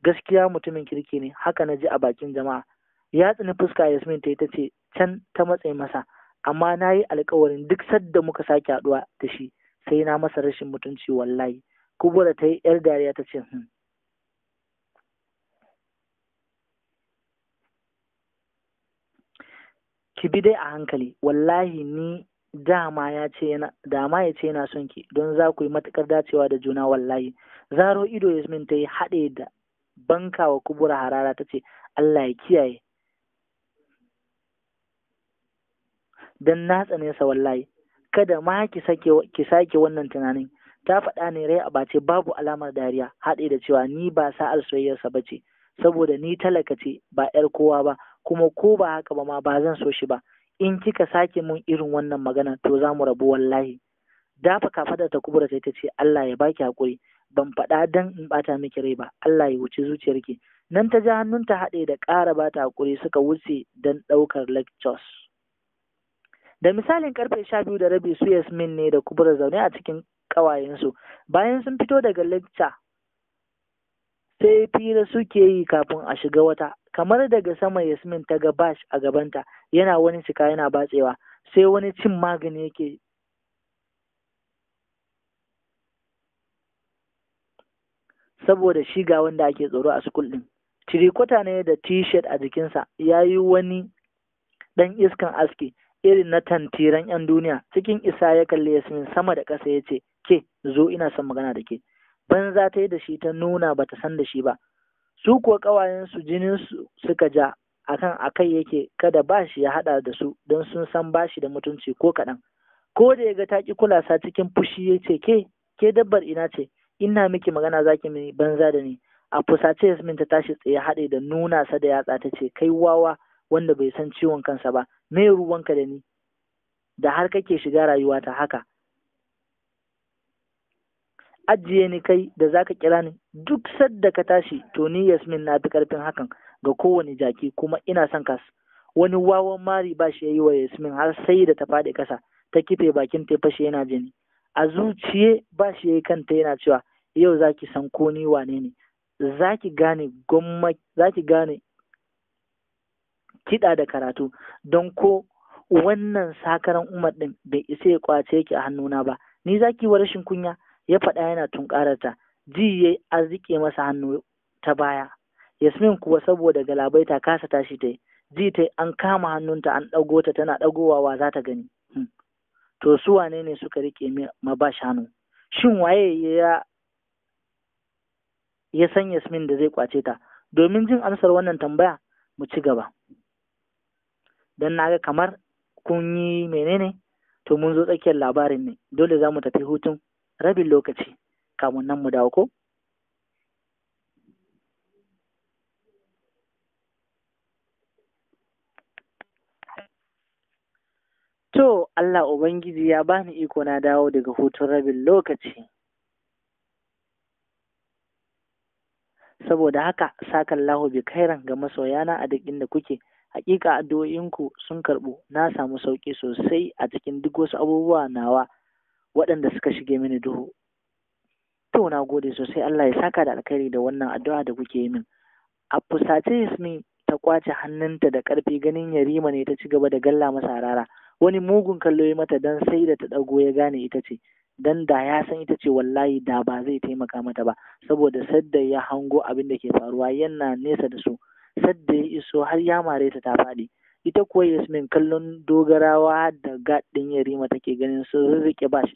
gaskiya mutumin kirki ne haka na ji a bakin jama'a ya tsini fuska yasmin ta ita ce can ta matse masa amma na yi alkawarin duk sadda muka sake haɗuwa da shi sai na masa rashin mutunci wallahi kubura ta yi yar dariya ta ce hmm. ki bi dai a hankali wallahi ni dama ya ce yana dama ya ce yana son ki don za ku yi matukar dacewa da juna wallahi zaro ido yasmin ta yi haɗe da banka wa kubura harara ta ce Allah ya kiyaye don na tsane sa wallahi kada ma ki sake ki sake wannan tunanin ta faɗa ne rai a bace babu alamar dariya haɗe da cewa ni ba sa'ar soyayyarsa ba ce saboda ni talaka ce ba 'yar kowa ba kuma ko ba haka ba ma ba zan so shi ba in kika sake mun irin wannan magana to za mu rabu wallahi Da ka kafada ta kubura sai ta ce Allah ya baki hakuri ban faɗa dan in bata miki rai ba Allah ya wuce zuciyarki nan ta ja hannunta haɗe da ƙara bata hakuri suka wuce dan ɗaukar lectures da misalin karfe sha biyu da rabi su yasmin ne da kubura zaune a cikin ƙawayensu bayan sun fito daga lecture sai fira suke yi kafin a shiga wata kamar daga sama yasmin ta ga bash a gabanta yana wani cika yana batsewa sai wani cin magani yake saboda shi ga wanda ake tsoro a sukul din tirikota ne da t-shirt a jikinsa ya yi wani dan iskan aski irin na tantiran 'yan duniya cikin isa ya kalli yasmin sama da ƙasa ya ce ke zo ina son magana da ke banza ta yi da shi ta nuna bata san da shi ba su kuwa ƙawayensu jininsu suka ja akan akai yake kada ba shi ya haɗa da su don sun san ba shi da mutunci ko kaɗan ko da ya ga ta ƙi kulasa cikin fushi ya ce ke ke dabbar ina ce ina miki magana zaki mini banza da ni a fusace yasmin ta tashi tsaye haɗe da nuna sa da yatsa ta ce kai wawa wanda bai san ciwon kansa ba me ruwanka da ni da har kake shiga rayuwa ta haka ajiye ni kai da zaka kira ni duk sadda ka tashi to ni Yasmin na fi karfin hakan ga kowane jaki kuma ina son ka wani wawan mari ba shi yayi wa Yasmin har sai da ta faɗi kasa ta kife bakin ta fashe yana jini a zuciye ba shi yayi kanta yana cewa yau zaki san ko ni wane ne zaki gane gomma zaki gane kiɗa da karatu don ko wannan sakaran umar ɗin bai isa ya kwace ki a hannuna ba ni zaki wa rashin kunya ya faɗa yana ta. ji ya arzike masa hannu ta baya yasmin kuwa saboda Galabai ta kasa tashi ta ji ta an kama hannunta an ɗago ta tana ɗagowa wa za ta gani hmm. to su wane ne suka riƙe ma ba shanu shin waye ya ya san yasmin da zai kwace ta domin jin amsar wannan tambaya mu ci gaba dan naga kamar kun yi menene to mun zo tsakiyar labarin ne dole za mu tafi hutun rabin lokaci kamun nan mu dawo ko To, Allah Ubangiji ya bani iko na dawo daga hutun rabin lokaci. Saboda haka, sakan lahu bi kairan ga masoyana a duk inda kuke, hakika addu'o'inku sun karɓu, na samu sauƙi sosai a cikin duk wasu abubuwa nawa waɗanda suka shige mini duhu to na gode sosai Allah ya saka da alkhairi da wannan addu'a da kuke yi min a fusace Yasmin ta kwace hannunta da ƙarfi ganin Yarima ne ta ci gaba da galla masa rara. wani mugun kallo ya mata dan sai da ta ɗago ya gane ita ce dan da ya san ita ce wallahi da ba zai taimaka mata ba saboda sadda ya hango abin da ke faruwa yana nesa da su sadda ya iso har ya mare ta ta faɗi ita kuwa Yasmin kallon dogarawa da gaɗin Yarima take ganin sun rike shi.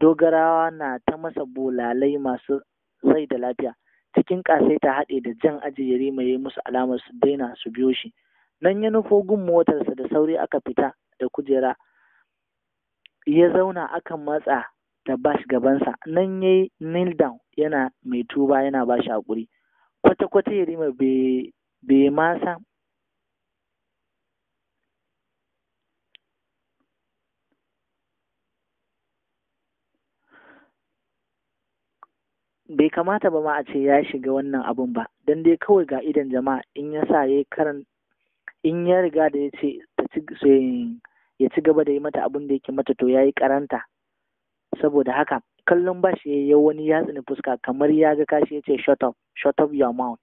dogarawa na ta masa bulalai masu rai da lafiya cikin ta haɗe da jan aji rima ya musu alamar su daina su biyo shi nan ya nufo gun motarsa da sauri aka fita da kujera ya zauna aka matsa da bash gabansa nan ya yi kneel down yana mai tuba yana ba shi haƙuri kwata-kwata yarima. mai bai ma bai kamata ba ma a ce ya shiga wannan abun ba don dai kawai ga idan jama'a in ya sa ya karan in ya riga da ya ce ya ci gaba da yi mata abun da yake mata to ya yi karanta saboda haka kallon ba shi ya wani ya fuska kamar ya ga kashi ya ce shut up shut up your mouth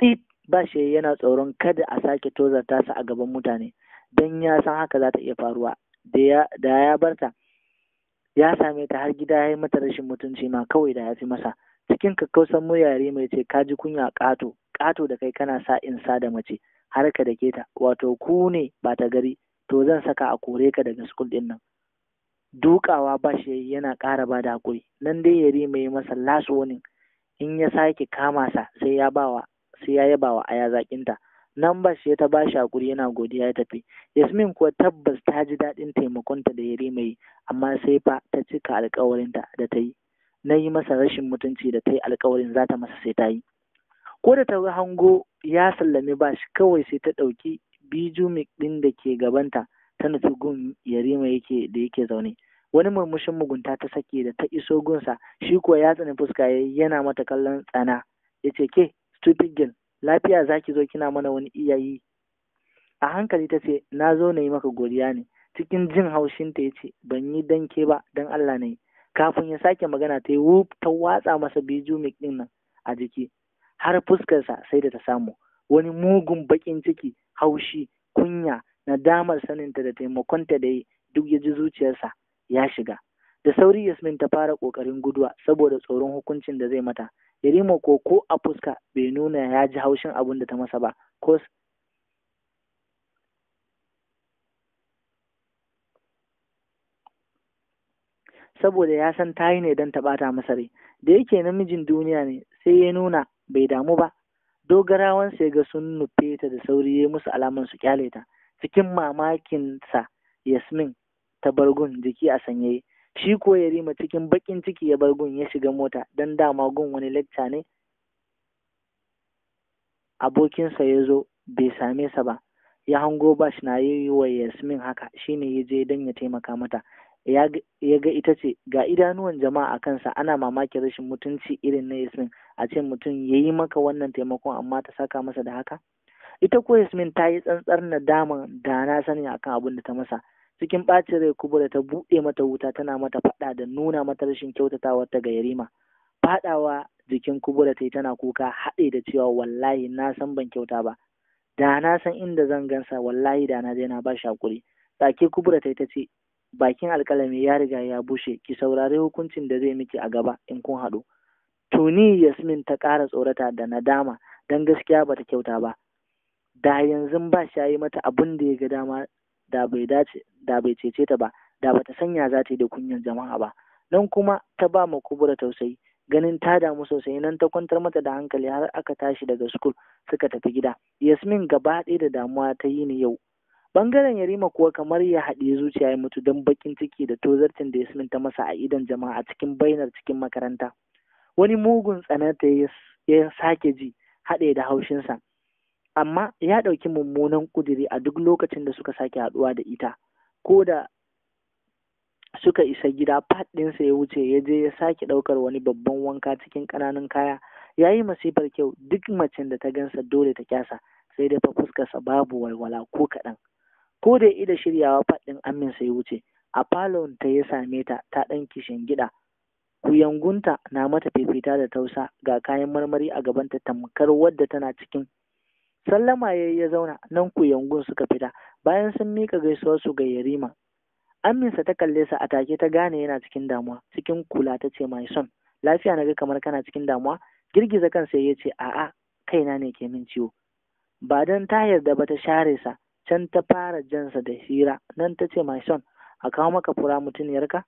sai ba shi yana tsoron kada a sake tozarta su a gaban mutane don ya san haka za ta iya faruwa da ya barta ya same ta har gida ya yi mata rashin mutunci ma kawai da ya fi masa cikin kakkausan muryare mai ce ka ji kunya ƙato ƙato da kai kana sa in sa da mace har ka da ta wato ku ne ba ta gari to zan saka a kore ka daga sukul ɗin nan dukawa ba shi yana ƙara ba da haƙuri nan dai yari mai masa "Last ne in ya sake kama sa sai ya ya yaba wa aya zaƙinta Nambas ya ta ba shi hakuri yana godiya ya tafi. Yasmin kuwa tabbas ta ji daɗin taimakonta da yare mai amma sai fa ta cika alkawarinta da ta yi. Na yi masa rashin mutunci da ta yi alkawarin za ta masa sai ta yi. Ko da ta hango ya sallame ba shi kawai sai ta ɗauki biju ɗin da ke gabanta ta nufi gun yake da yake zaune. Wani murmushin mugunta ta sake da ta iso gunsa shi kuwa ya tsani fuska yana mata kallon tsana ya ce ke stupid girl lafiya za ki zo kina mana wani iyayi a hankali ta ce na zo na yi maka godiya ne cikin jin haushinta ya ce ban yi dan ke ba dan Allah na yi. kafin ya sake magana ta yi wuf ta watsa masa biju mai din nan a jiki har fuskarsa sai da ta samu wani mugun baƙin ciki haushi kunya na nadamar saninta da taimakonta da yi duk ya ji zuciyarsa ya shiga da sauri yasmin ta fara ƙoƙarin guduwa saboda tsoron hukuncin da zai mata Yarima ko ko a fuska bai nuna ya ji haushin abin da ta masa ba ko saboda ya san ta yi ne don ta bata masa rai da yake namijin duniya ne sai ya nuna bai damu ba dogarawan sai ga sun nufe ta da sauri ya musu alaman su kyale ta cikin mamakin sa yasmin ta bargun jiki a sanyaye shi ko yarima cikin bakin ciki ya bar gun ya shiga mota don dama gun wani lacca ne abokinsa ya zo bai same sa ba ya hango bash na yi wa yasmin haka shine ya je don ya taimaka mata ya ga ita ce ga idanuwan jama'a a kansa ana mamakin rashin mutunci irin na yasmin a ce mutum ya yi maka wannan taimakon amma ta saka masa da haka ita ko yasmin ta yi tsantsar nadaman da na sani akan abin da ta masa cikin ɓacin rai kubura ta buɗe mata wuta tana mata faɗa da nuna mata rashin kyautatawarta ta ga yarima faɗawa jikin kubura ta tana kuka haɗe da cewa wallahi na san ban kyauta ba da na san inda zan gansa wallahi da na je na ba shi hakuri tsaki kubura ta ce bakin alkalami ya riga ya bushe ki saurari hukuncin da zai miki a gaba in kun haɗu tuni yasmin ta ƙara tsorata da nadama dan gaskiya bata kyauta ba da yanzu ba shi yi mata abin da ya ga dama da bai dace da bai cece ta ba da bata sanya za ta yi da kunyar jama'a ba nan kuma ta ba ma kubura tausayi ganin ta damu sosai nan ta kwantar mata da hankali har aka tashi daga sukul suka tafi gida yasmin gaba ɗaya da damuwa ta yi ni yau bangaren yarima kuwa kamar ya haɗe zuciya ya mutu don bakin ciki da tozartin da yasmin ta masa a idon jama'a a cikin bainar cikin makaranta wani mugun tsananta ya sake ji haɗe da haushinsa amma ya ɗauki mummunan ƙudiri a duk lokacin da suka sake haɗuwa da ita ko da suka isa gida faɗinsa ya wuce ya je ya sake ɗaukar wani babban wanka cikin ƙananan kaya ya yi masifar kyau duk macen da ta gansa dole ta kyasa sai dai fa fuskarsa babu walwala ko kaɗan ko da ida shiryawa faɗin aminsa ya wuce a falon ta ya same ta ta ɗan kishin gida kuyangunta na mata fifita da tausa ga kayan marmari a gabanta tamkar wadda tana cikin sallama ya ya zauna nan ku yangun suka fita bayan sun mika gaisuwar su ga yarima aminsa ta kalle sa a take ta gane yana cikin damuwa cikin kula ta ce mai son lafiya na ga kamar kana cikin damuwa girgiza kansa ya ce a'a kaina ne ke min ciwo ba dan ta yarda ba ta share sa can ta fara jansa da hira nan ta ce mai son a kawo maka fura mutuniyarka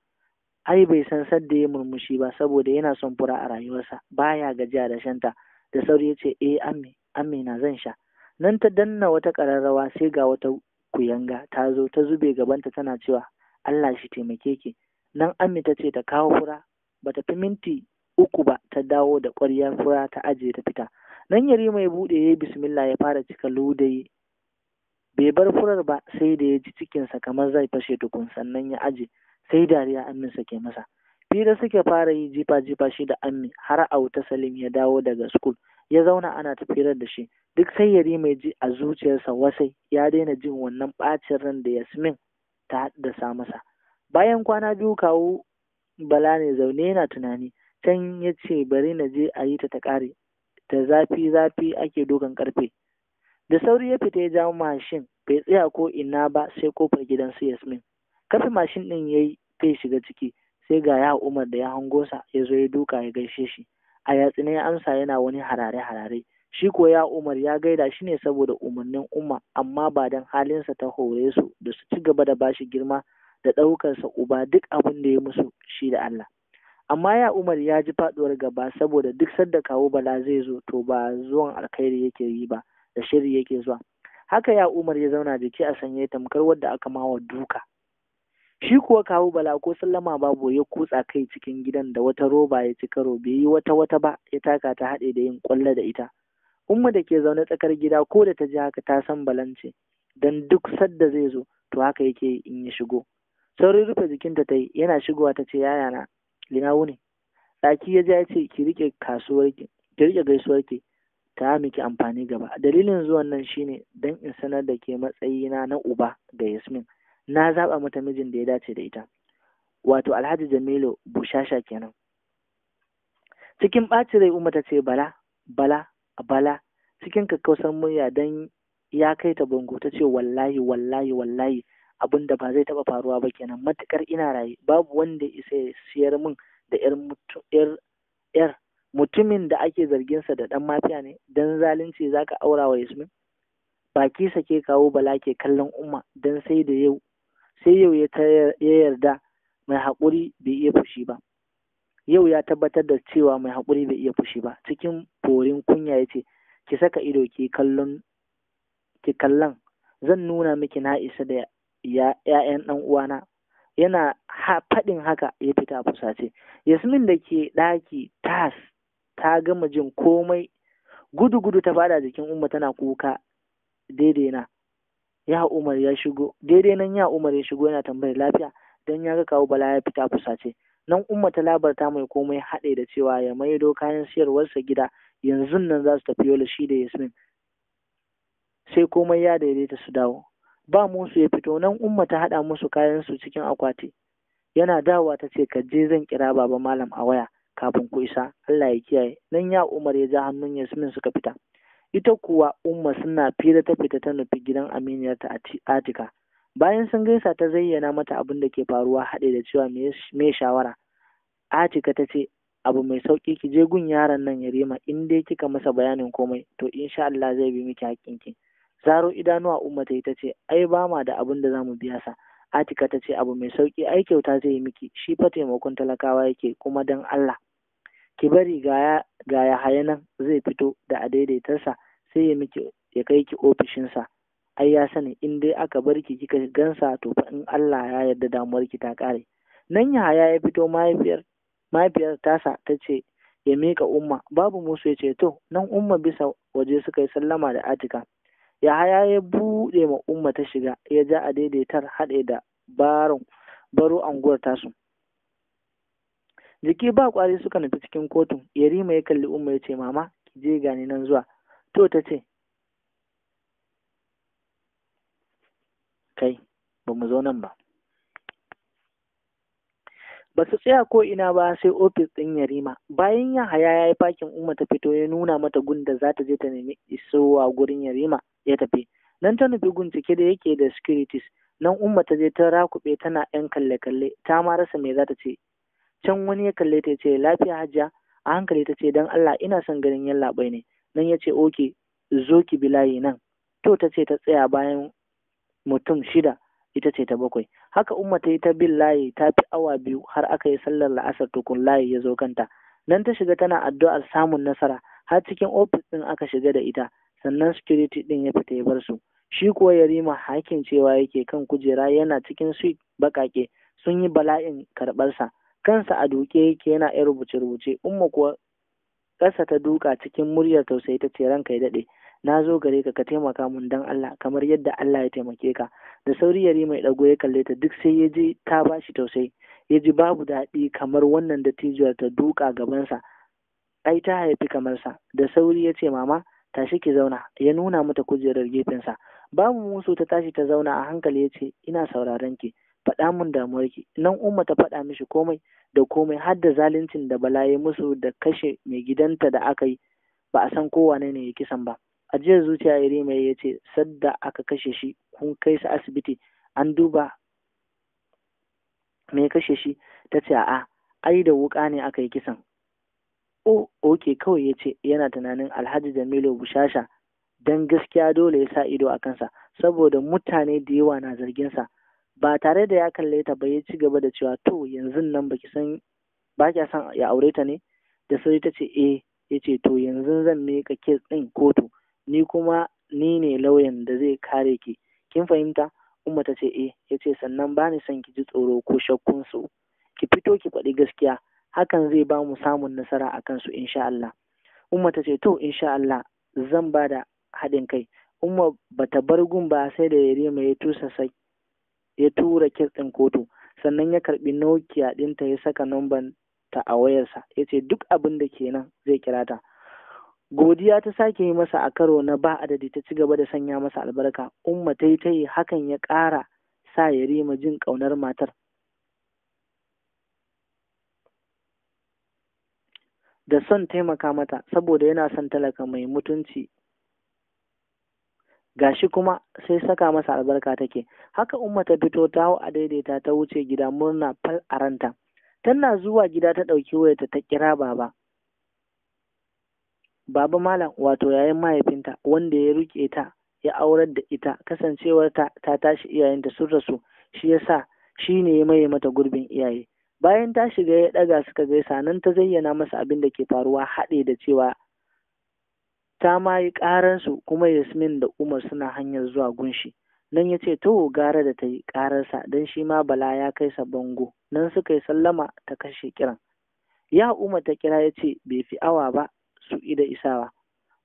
ai bai san sadda ya murmushi ba saboda yana son fura a rayuwarsa baya gajiya da shanta da sauri ya ce eh ammi ammi zan sha nan ta danna wata ƙararrawa sai ga wata kuyanga ta zo ta zube gabanta tana cewa Allah shi taimake ki nan Ammi ta ce ta kawo fura bata fi minti uku ba ta dawo da ƙwaryar fura ta aje ta fita nan yari mai buɗe ya yi bismillah ya fara cika ludayi bai bar furar ba sai da ya ji cikinsa kamar zai fashe tukun sannan ya aje sai dariya amminsa ke masa fira suke fara yi jifa jifa shi da ammi har auta salim ya dawo daga sukul. ya zauna ana tafiyar da shi duk sai yari mai ji a zuciyarsa wasai ya daina jin wannan bacin ran da yasmin ta haddasa masa bayan kwana biyu kawo bala ne zaune yana tunani can ya ce bari na je a yi ta ta ƙare da zafi zafi ake dogon ƙarfe da sauri ya fita ya ja mashin bai tsaya ko ina ba sai kofar gidan su yasmin kafin mashin ɗin ya yi kai shiga ciki sai ga ya umar da ya hango sa ya zo ya duka ya gaishe shi a yatsine ya amsa yana wani harare-harare shi ko ya umar ya gaida shi ne saboda umarnin umma amma ba don halinsa ta hore su da su ci gaba da bashi girma da ɗaukarsa uba duk abin da ya musu shi da Allah amma ya umar ya ji faɗuwar gaba saboda duk sadda kawo bala zai zo to ba zuwan alkhairi yake yi ba da shiri yake zuwa haka ya umar ya zauna jiki a sanye tamkar wadda aka mawa duka Shi kuwa kawu Bala ko sallama babu ya kutsa kai cikin gidan da wata roba ya ci karo bai yi wata wata ba ya taka ta haɗe da yin kwallo da ita. Umma da ke zaune tsakar gida ko da ta ji haka ta san balance dan duk sadda zai zo to haka yake in ya shigo. Sauri rufe jikinta ta yi yana shigowa ta ce yaya na lina wuni. Tsaki ya ja ya ce ki riƙe kasuwar ki riƙe ki ta miki amfani gaba. Dalilin zuwan nan shine dan in sanar da ke matsayina na uba ga Yasmin. na zaba mata mijin da ya dace da ita wato alhaji jamilu bushasha kenan cikin ɓaci rai umma ta ce bala bala bala cikin kakkausan murya don ya kai ta bango ta ce wallahi wallahi wallahi abin da ba zai taɓa faruwa ba kenan matukar ina raye babu wanda ya isa ya siyar min da yar mutumin da ake zarginsa da ɗan mafiya ne don zalunci zaka aura wa yasmin baki sake kawo bala ke kallon umma don sai da yau sai yau ya yarda mai haƙuri bai iya fushi ba yau ya tabbatar da cewa mai haƙuri bai iya fushi ba cikin borin kunya ya ce ki saka ido ki kallon ki kallon zan nuna miki na isa da ‘ya'yan ɗan uwana yana faɗin haka ya fita fusace yasmin da ke ɗaki tas ta gama jin komai gudu gudu ta fada jikin umma tana kuka daidaina ya umar ya shigo daidai nan ya umar ya shigo yana tambayar lafiya don ya ga kawo bala ya fita fusace nan umma ta labarta mai komai haɗe da cewa ya maido kayan siyarwarsa gida yanzu nan za su tafi yola shi da yasmin sai komai ya daidaita su dawo ba musu ya fito nan umma ta haɗa musu kayan su cikin akwati yana dawa ta ce kaje zan kira baba malam a waya kafin ku isa Allah ya kiyaye nan ya umar ya ja hannun yasmin suka fita ita kuwa umma suna fira ta fita ta nufi gidan aminiyarta a atika bayan sun gaisa ta zayyana mata abin da ke faruwa haɗe da cewa mai shawara atika ta ce abu mai sauƙi ki je gun yaron nan ya rima in dai kika masa bayanin komai to insha Allah zai bi miki ki. zaro idanuwa umma ta yi ta ce ai ba ma da abin da za mu biya sa atika ta ce abu mai sauƙi ai kyauta zai yi miki shi fa taimakon talakawa yake kuma dan Allah ki bari ga Yahaya nan zai fito da a daidaitarsa sai ya miki ya kai ki ofishinsa ai ya sani in dai aka bar ki kika gansa to fa in Allah ya yarda damuwar ki ta kare nan Yahaya ya fito mahaifiyar mahaifiyar tasa ta ce ya mika umma babu musu ya ce to nan umma bisa waje suka yi sallama da atika Yahaya ya buɗe ma umma ta shiga ya ja a daidaitar haɗe da baron baro anguwar tasu jiki ba kwari suka nufi cikin kotun yarima ya kalli umma ya ce mama ki je gani nan zuwa to ta ce kai ba mu zo nan ba ba su tsaya ko ina ba sai ofis ɗin yarima bayan ya haya ya yi fakin umma ta fito ya nuna mata gun da za ta je ta nemi isowa gurin yarima ya tafi nan ta nufi gun cike da yake da securities nan umma ta je ta rakuɓe tana yan kalle kalle ta ma rasa me za ta ce can wani ya kalle ta ce lafiya hajiya a hankali ta ce don Allah ina son ganin yallaɓai ne nan ya ce oke zo ki bi layi nan to ta ce ta tsaya bayan mutum shida ita ce ta bakwai haka umma ta yi ta bin layi ta fi awa biyu har aka yi sallar la'asar tukun layi ya zo kanta nan ta shiga tana addu'ar samun nasara har cikin ofis ɗin aka shiga da ita sannan security ɗin ya fita ya bar su shi kuwa yarima hakin cewa yake kan kujera yana cikin suite baƙaƙe sun yi bala'in karɓarsa kansa a duke yake yana ya rubuce rubuce umma kuwa ƙasa ta duka cikin muryar tausayi ta ce ranka ya daɗe na zo gare ka ka taimaka mun dan Allah kamar yadda Allah ya taimake ka da sauri yari mai dago ya kalle ta duk sai ya ji ta bashi tausayi ya ji babu daɗi kamar wannan dattijuwar ta duka gabansa ai ta haifi kamar sa da sauri ya ce mama tashi ki zauna ya nuna mata kujerar gefensa babu musu ta tashi ta zauna a hankali ya ce ina sauraron ki faɗa min ki. nan umma ta faɗa mishi komai da komai har da zaluncin da bala ya musu da kashe mai gidanta da aka yi ba a san ko ne ya kisan ba a jiya zuciya mai ya ce sadda aka kashe shi kun kai su asibiti an duba mai kashe shi ta ce a'a ai da wuƙa ne aka yi kisan o oke kawai ya ce yana tunanin alhaji jamilu bushasha don gaskiya dole ya sa ido a kansa saboda mutane da yawa na zarginsa ba tare da ya kalle ta ba ya ci gaba da cewa to yanzu nan baki san ba kya san ya aure ta ne da sauri ta ce eh ya ce to yanzu zan mika kes ɗin kotu ni kuma ni ne lauyan da zai kare ki kin fahimta umma ta ce eh ya ce sannan ba ni son ki ji tsoro ko shakkun su ki fito ki faɗi gaskiya hakan zai ba mu samun nasara a kansu insha Allah umma ta ce to insha Allah zan ba da haɗin kai umma bata bar gun ba sai da yarima ya tusa sai. ya tura kes ɗin kotu sannan ya karɓi nokia ɗinta ya saka numban ta a wayarsa ya ce duk abin da ke nan zai kira ta godiya ta sake yi masa a karo na ba adadi ta ci gaba da sanya masa albarka umma ta yi ta yi hakan ya ƙara sa ya rima jin ƙaunar matar da son taimaka mata saboda yana son talaka mai mutunci Ga shi kuma sai saka masa albarka take haka umma ta fito ta hau a daidaita ta wuce gida murna fal a ranta tana zuwa gida ta ɗauki wayarta ta kira baba baba malam wato yayin mahaifinta wanda ya rike ta ya aurar da ita kasancewarta ta tashi iyayenta sun rasu shi yasa shi ne ya maye mata gurbin iyaye bayan ta shiga ya ɗaga suka gaisa nan ta zayyana masa abin da ke faruwa haɗe da cewa ta ma yi ƙararsu kuma yasmin da umar suna hanyar zuwa gunshi nan ya ce to gara da ta yi ƙararsa don shi ma bala ya kai sa bango nan suka yi sallama ta kashe kiran ya umar ta kira ya ce bai fi awa ba su ida isawa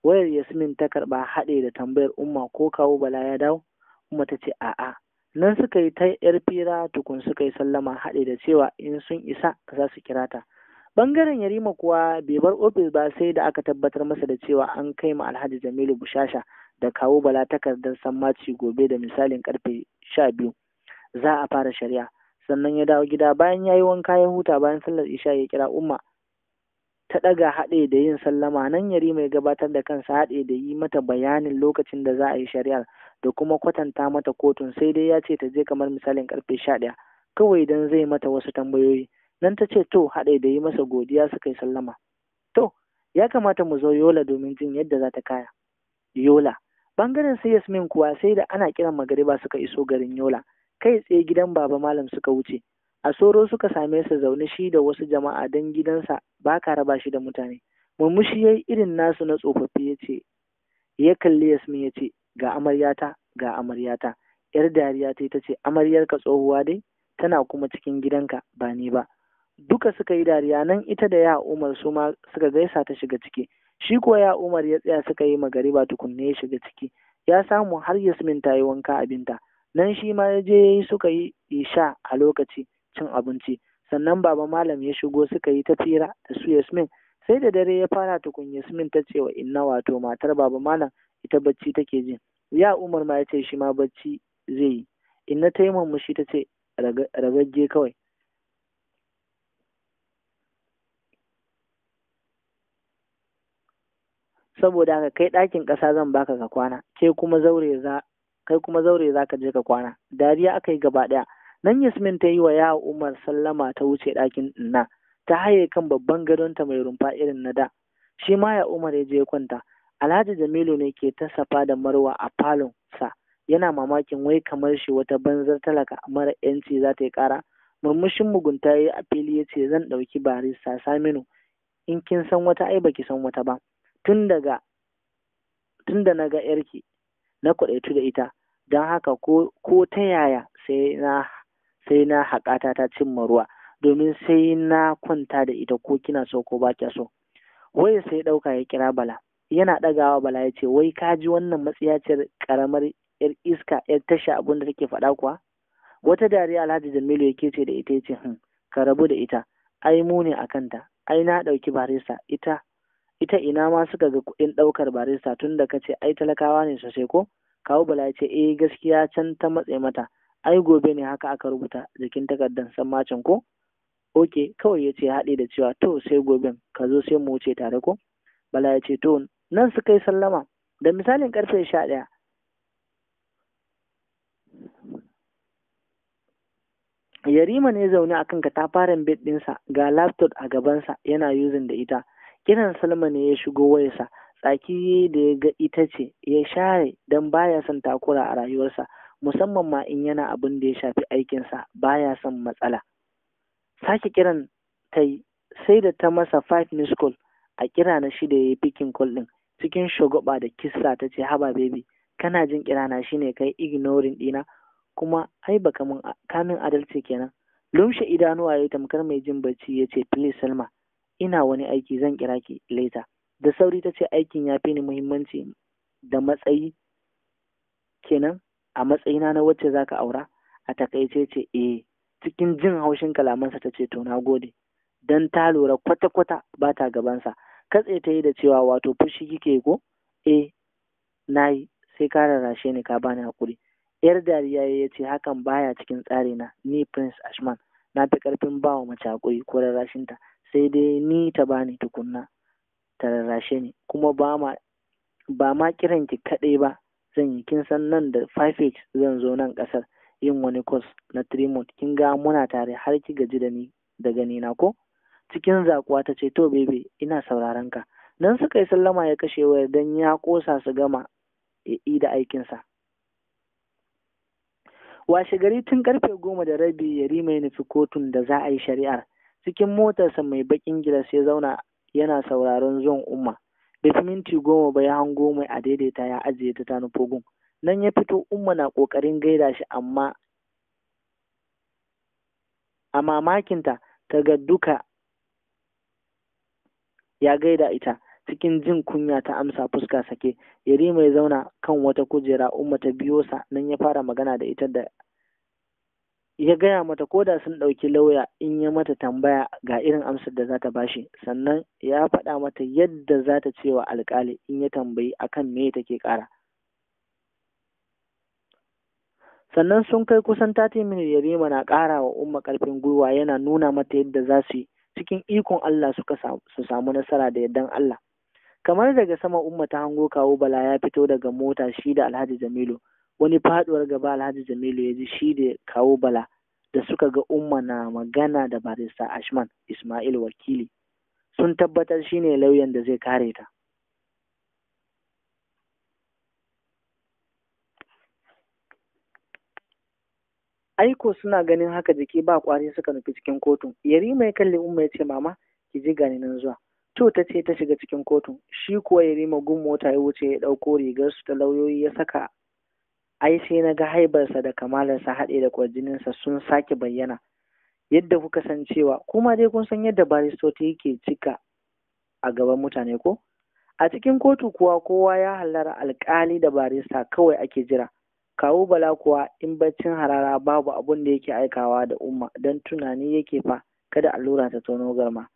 wayar yasmin ta karɓa haɗe da tambayar umma ko kawo bala ya dawo umma ta ce a'a nan suka yi ta yar fira tukun suka yi sallama haɗe da cewa in sun isa za su kira ta Bangaren Yarima kuwa bai bar ofis ba sai da aka tabbatar masa da cewa an kai ma Alhaji Jamilu Bushasha da kawo Bala takardar sammaci gobe da misalin karfe sha biyu. Za a fara shari'a. Sannan ya dawo gida bayan ya yi wanka ya huta bayan sallar isha ya kira umma ta ɗaga haɗe da yin sallama nan yari mai gabatar da kansa haɗe da yi mata bayanin lokacin da za a yi shari'ar da kuma kwatanta mata kotun sai dai ya ce ta je kamar misalin karfe sha ɗaya kawai don zai mata wasu tambayoyi nan ta ce to haɗe da yi masa godiya suka yi sallama to ya kamata mu zo yola domin jin yadda za ta kaya yola ɓangaren sai yasmin kuwa sai da ana kiran magariba suka iso garin yola kai tsaye gidan baba malam suka wuce a soro suka same sa zaune shi da wasu jama'a don gidansa ba ka raba shi da mutane murmushi ya yi irin nasu na tsofaffi ya ce ya kalli yasmin ya ce ga amaryata ga amaryata yar dariya ta ce, ce amaryarka tsohuwa dai tana kuma cikin gidanka ba ni ba duka suka yi dariya nan ita da ya umar su ma suka gaisa ta shiga ciki shi kuwa ya umar ya tsaya suka yi Gariba tukunne ya shiga ciki ya samu har yasmin ta yi wanka abinta nan shi ma ya je suka yi isha a lokaci cin abinci sannan baba malam ya shigo suka yi ta tsira da su yasmin sai da dare ya fara tukun yasmin ta ce inna wato matar baba malam ita bacci take jin ya umar ma ya ce shi ma bacci zai yi inna ta yi murmushi ta ce ragagge kawai saboda haka kai ɗakin ƙasa zan baka ka kwana kai kuma zaure za kai kuma zaure za ka je ka kwana dariya aka yi gaba ɗaya nan yasmin ta yi wa ya umar sallama ta wuce ɗakin inna ta haye kan babban gadonta mai rumfa irin na da shi ma ya umar ya je kwanta alhaji jamilu ne ke ta safa da marwa a falon sa yana mamakin wai kamar shi wata banzar talaka mara yanci za ta yi ƙara murmushin mugunta ya yi a fili ya ce zan ɗauki barista saminu in kin san wata ai baki san wata ba tun daga tun da na ga yarki na kwaɗaitu da ita don haka ko, ko ta yaya sai na sai na haƙata ta cimma ruwa domin sai na kwanta da ita ko kina so ko ba kya so wai sai ɗauka ya kira bala yana ɗagawa bala ya ce wai ka ji wannan matsiyaciyar ƙaramar yar iska yar tasha abin da take faɗa kuwa wata dariya alhaji jamilu yake ce da ita ya ce hmm, ka rabu da ita ai mu ne a kanta ai na ɗauki barista ita ita ina ma suka ga kuɗin ɗaukar barista tun da ka ce ai talakawa ne sosai ko kawo bala ya ce eh gaskiya can ta matse mata ai gobe ne haka aka rubuta jikin takardar macin ko ok kawai ya ce haɗe da cewa to sai gobe ka zo sai mu wuce tare ko bala ya ce to nan suka yi sallama da misalin karfe sha ɗaya yarima ne zaune akan katafaren bed ɗinsa ga laptop a gabansa yana yuzin da ita kiran salma ne ya shigo wayarsa tsaki da ya ga ita ce ya share don baya son takura a rayuwarsa musamman ma in yana abin da ya shafi aikinsa baya son matsala sake kiran ta yi sai da ta masa five minutes call a kira na shida ya yi pikin call din cikin shugaba da kissa ta ce haba baby kana jin kira na ne kai ignoring dina kuma ai baka mun kamin adalci kenan lumshe idanuwa ya tamkar mai jin bacci ya ce please salma ina wani aiki zan kira ki later da sauri ta ce aikin ya fi ni muhimmanci da matsayi kenan a matsayina na wacce za ka aura a takaice ce eh cikin jin haushin kalamansa ta ce to na gode don ta lura kwata-kwata ba ta gabansa katse ta yi da cewa wato fushi kike ko eh na yi sai ka rarrashe ni ka bani hakuri yar dariya ya ce hakan baya cikin tsari na ni prince ashman na fi karfin bawa mace hakuri ko rarrashinta sai dai ni ta bani tukunna ta rarrashe ni kuma ba ma ba ma kiran ki kaɗai ba zan yi kin san nan da 5 zan zo nan ƙasar yin wani course na 3 month kin ga muna tare har ki gaji da ni da gani na ko cikin zakuwa ta ce to bebe ina sauraron ka nan suka yi sallama ya kashe wayar dan ya kosa su gama ya yi da aikinsa washe gari tun karfe goma da rabi ya rima ya nufi kotun da za a yi shari'ar cikin motarsa mai bakin gilas ya zauna yana sauraron zuwan umma bai fi minti goma ba ya hango mai a daidaita ya ajiye ta ta nan ya fito umma na kokarin gaida shi amma a mamakinta ta ga duka ya gaida ita cikin jin kunya ta amsa fuska sake yari mai zauna kan wata kujera umma ta biyo sa nan ya fara magana da ita da ya gaya mata ko da sun ɗauki lauya in ya mata tambaya ga irin amsar da za ta bashi sannan ya faɗa mata yadda za ta ce alƙali in ya tambayi akan me take ƙara sannan sun kai kusan tati min yarima na ƙara wa umma ƙarfin gwiwa yana nuna mata yadda za su yi cikin ikon Allah suka su samu nasara da yaddan Allah kamar daga sama umma ta hango kawo bala ya fito daga mota shi da alhaji jamilu wani faduwar gaba alhaji jamilu ya ji shi da kawo bala da suka ga umma na magana da barista ashman ismail wakili sun tabbatar shi shine lauyan da zai kare ta aiko suna ganin haka jiki ba kwari suka nufi cikin kotun yarima mai kalli umma ya ce mama ki ji gani nan zuwa to ta ce ta shiga cikin kotun shi kuwa yarima gun mota ya wuce ya ɗauko rigar su ta lauyoyi ya saka ai sai na ga haibarsa da kamalarsa haɗe da kwarjininsa sun sake bayyana yadda kuka san cewa kuma dai kun san yadda baristoti yake cika a gaban mutane ko a cikin kotu kuwa kowa ya halara alkali da barista kawai ake jira kawo bala kuwa in baccin harara babu abun da yake aikawa da umma don tunani yake fa kada allura ta tono garma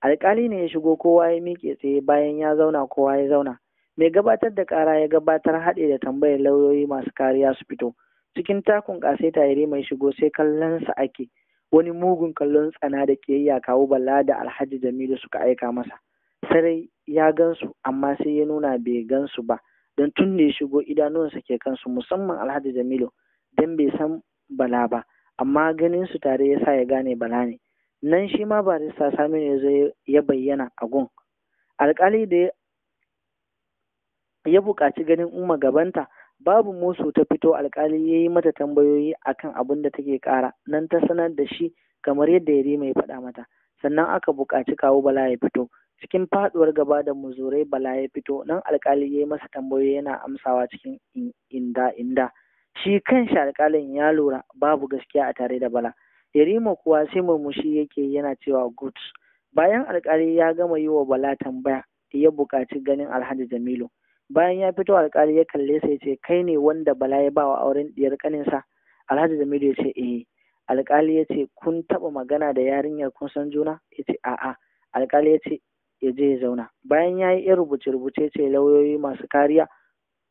alkali ne ya shigo kowa ya miƙe tsaye bayan ya zauna kowa ya zauna mai gabatar da ƙara ya gabatar haɗe da tambayar lauyoyi masu kariya su fito cikin takun ƙasaita tare mai shigo sai kallon sa ake wani mugun kallon tsana da ƙiyayya kawo bala da alhaji jamilu suka aika masa sarai ya gansu amma sai ya nuna bai gansu ba don tun da ya shigo idanuwansa ke kansu musamman alhaji jamilu don bai san bala ba amma ganin su tare ya sa ya gane bala ne nan shi ma barista saminu ya zo ya bayyana a gun alkali da ya buƙaci ganin umma gabanta babu musu ta fito alkali ya yi mata tambayoyi akan abin da take ƙara nan ta sanar da shi kamar yadda yarima ya faɗa mata sannan aka buƙaci kawo bala ya fito cikin faɗuwar gaba da muzurai bala ya fito nan alkali ya yi masa tambayoyi yana amsawa cikin inda inda shi kanshi alkalin ya lura babu gaskiya a tare da bala yarima kuwa sai murmushi yake yana cewa good bayan alkali ya gama yi wa bala tambaya ya buƙaci ganin alhaji jamilu bayan ya fito alkali ya kalle sa ya ce kai ne wanda bala ya bawa auren diyar kaninsa alhaji jamilu ya ce eh alkali ya ce kun taba magana da yarinyar kun san juna ya ce a'a alkali ya ce ya je ya zauna bayan ya yi rubuce rubuce ce lauyoyi masu kariya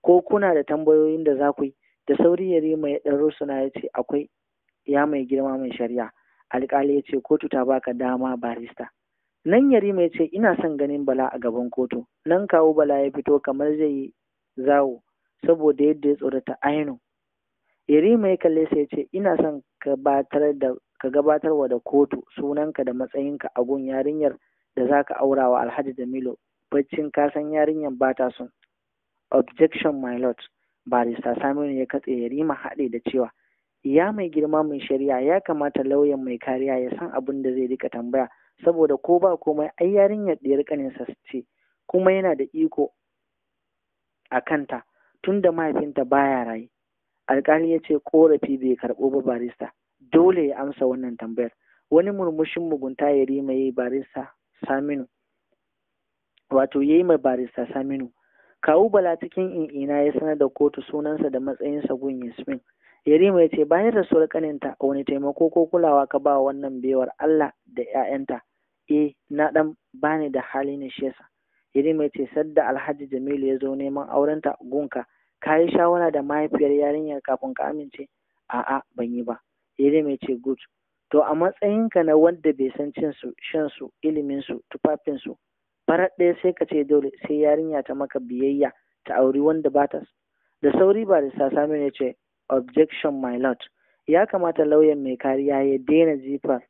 ko kuna da tambayoyin da za ku yi da sauri yari mai ɗaro rusuna ya ce akwai ya mai girma mai shari'a alkali ya ce kotu ta baka dama barista nan yarima ya ce ina son ganin bala a gaban kotu nan kawo bala ya fito kamar zai yi zawo saboda yadda ya tsorata aino yarima ya kalle sai ya ce ina son ka gabatar wa da kotu sunanka da matsayinka a gun yarinyar da za ka aura wa alhaji Jamilu baccin ka san yarinyar ba ta son objection my lord barista saminu ya katse yarima haɗe da cewa ya mai girma mai shari'a ya kamata lauyan mai kariya ya san abin da zai rika tambaya saboda ko ba komai ai yarinyar ɗiyar ƙaninsa ce kuma yana da iko a kanta tun da mahaifinta baya raye alƙali ya ce ƙorafi bai karɓo ba barista dole ya amsa wannan tambayar wani murmushin mugunta ya rima yi barista saminu wato ya yi mai barista saminu kawu bala cikin in'ina ya sanar da kotu sunansa da matsayinsa gun yasmin Yarima ya ce bayan rasuwar ƙaninta wani taimako ko kulawa ka ba wannan baiwar Allah da ‘ya'yanta, e na ɗan bani da hali na shesa. Yarima ya ce sadda Alhaji Jamilu ya zo neman aurenta gunka, ka yi shawara da mahaifiyar yarinyar kafin ka amince? A'a ban yi ba. Yarima ya ce good. To a matsayinka na wanda bai san cin su shan cinsu, shansu, iliminsu, tufafinsu, farat ɗaya sai ka ce dole sai yarinya ta maka biyayya ta auri wanda ba ta da sauri ba da ne, ya ce objection my lord ya kamata lauyan mai kariya ya daina jifa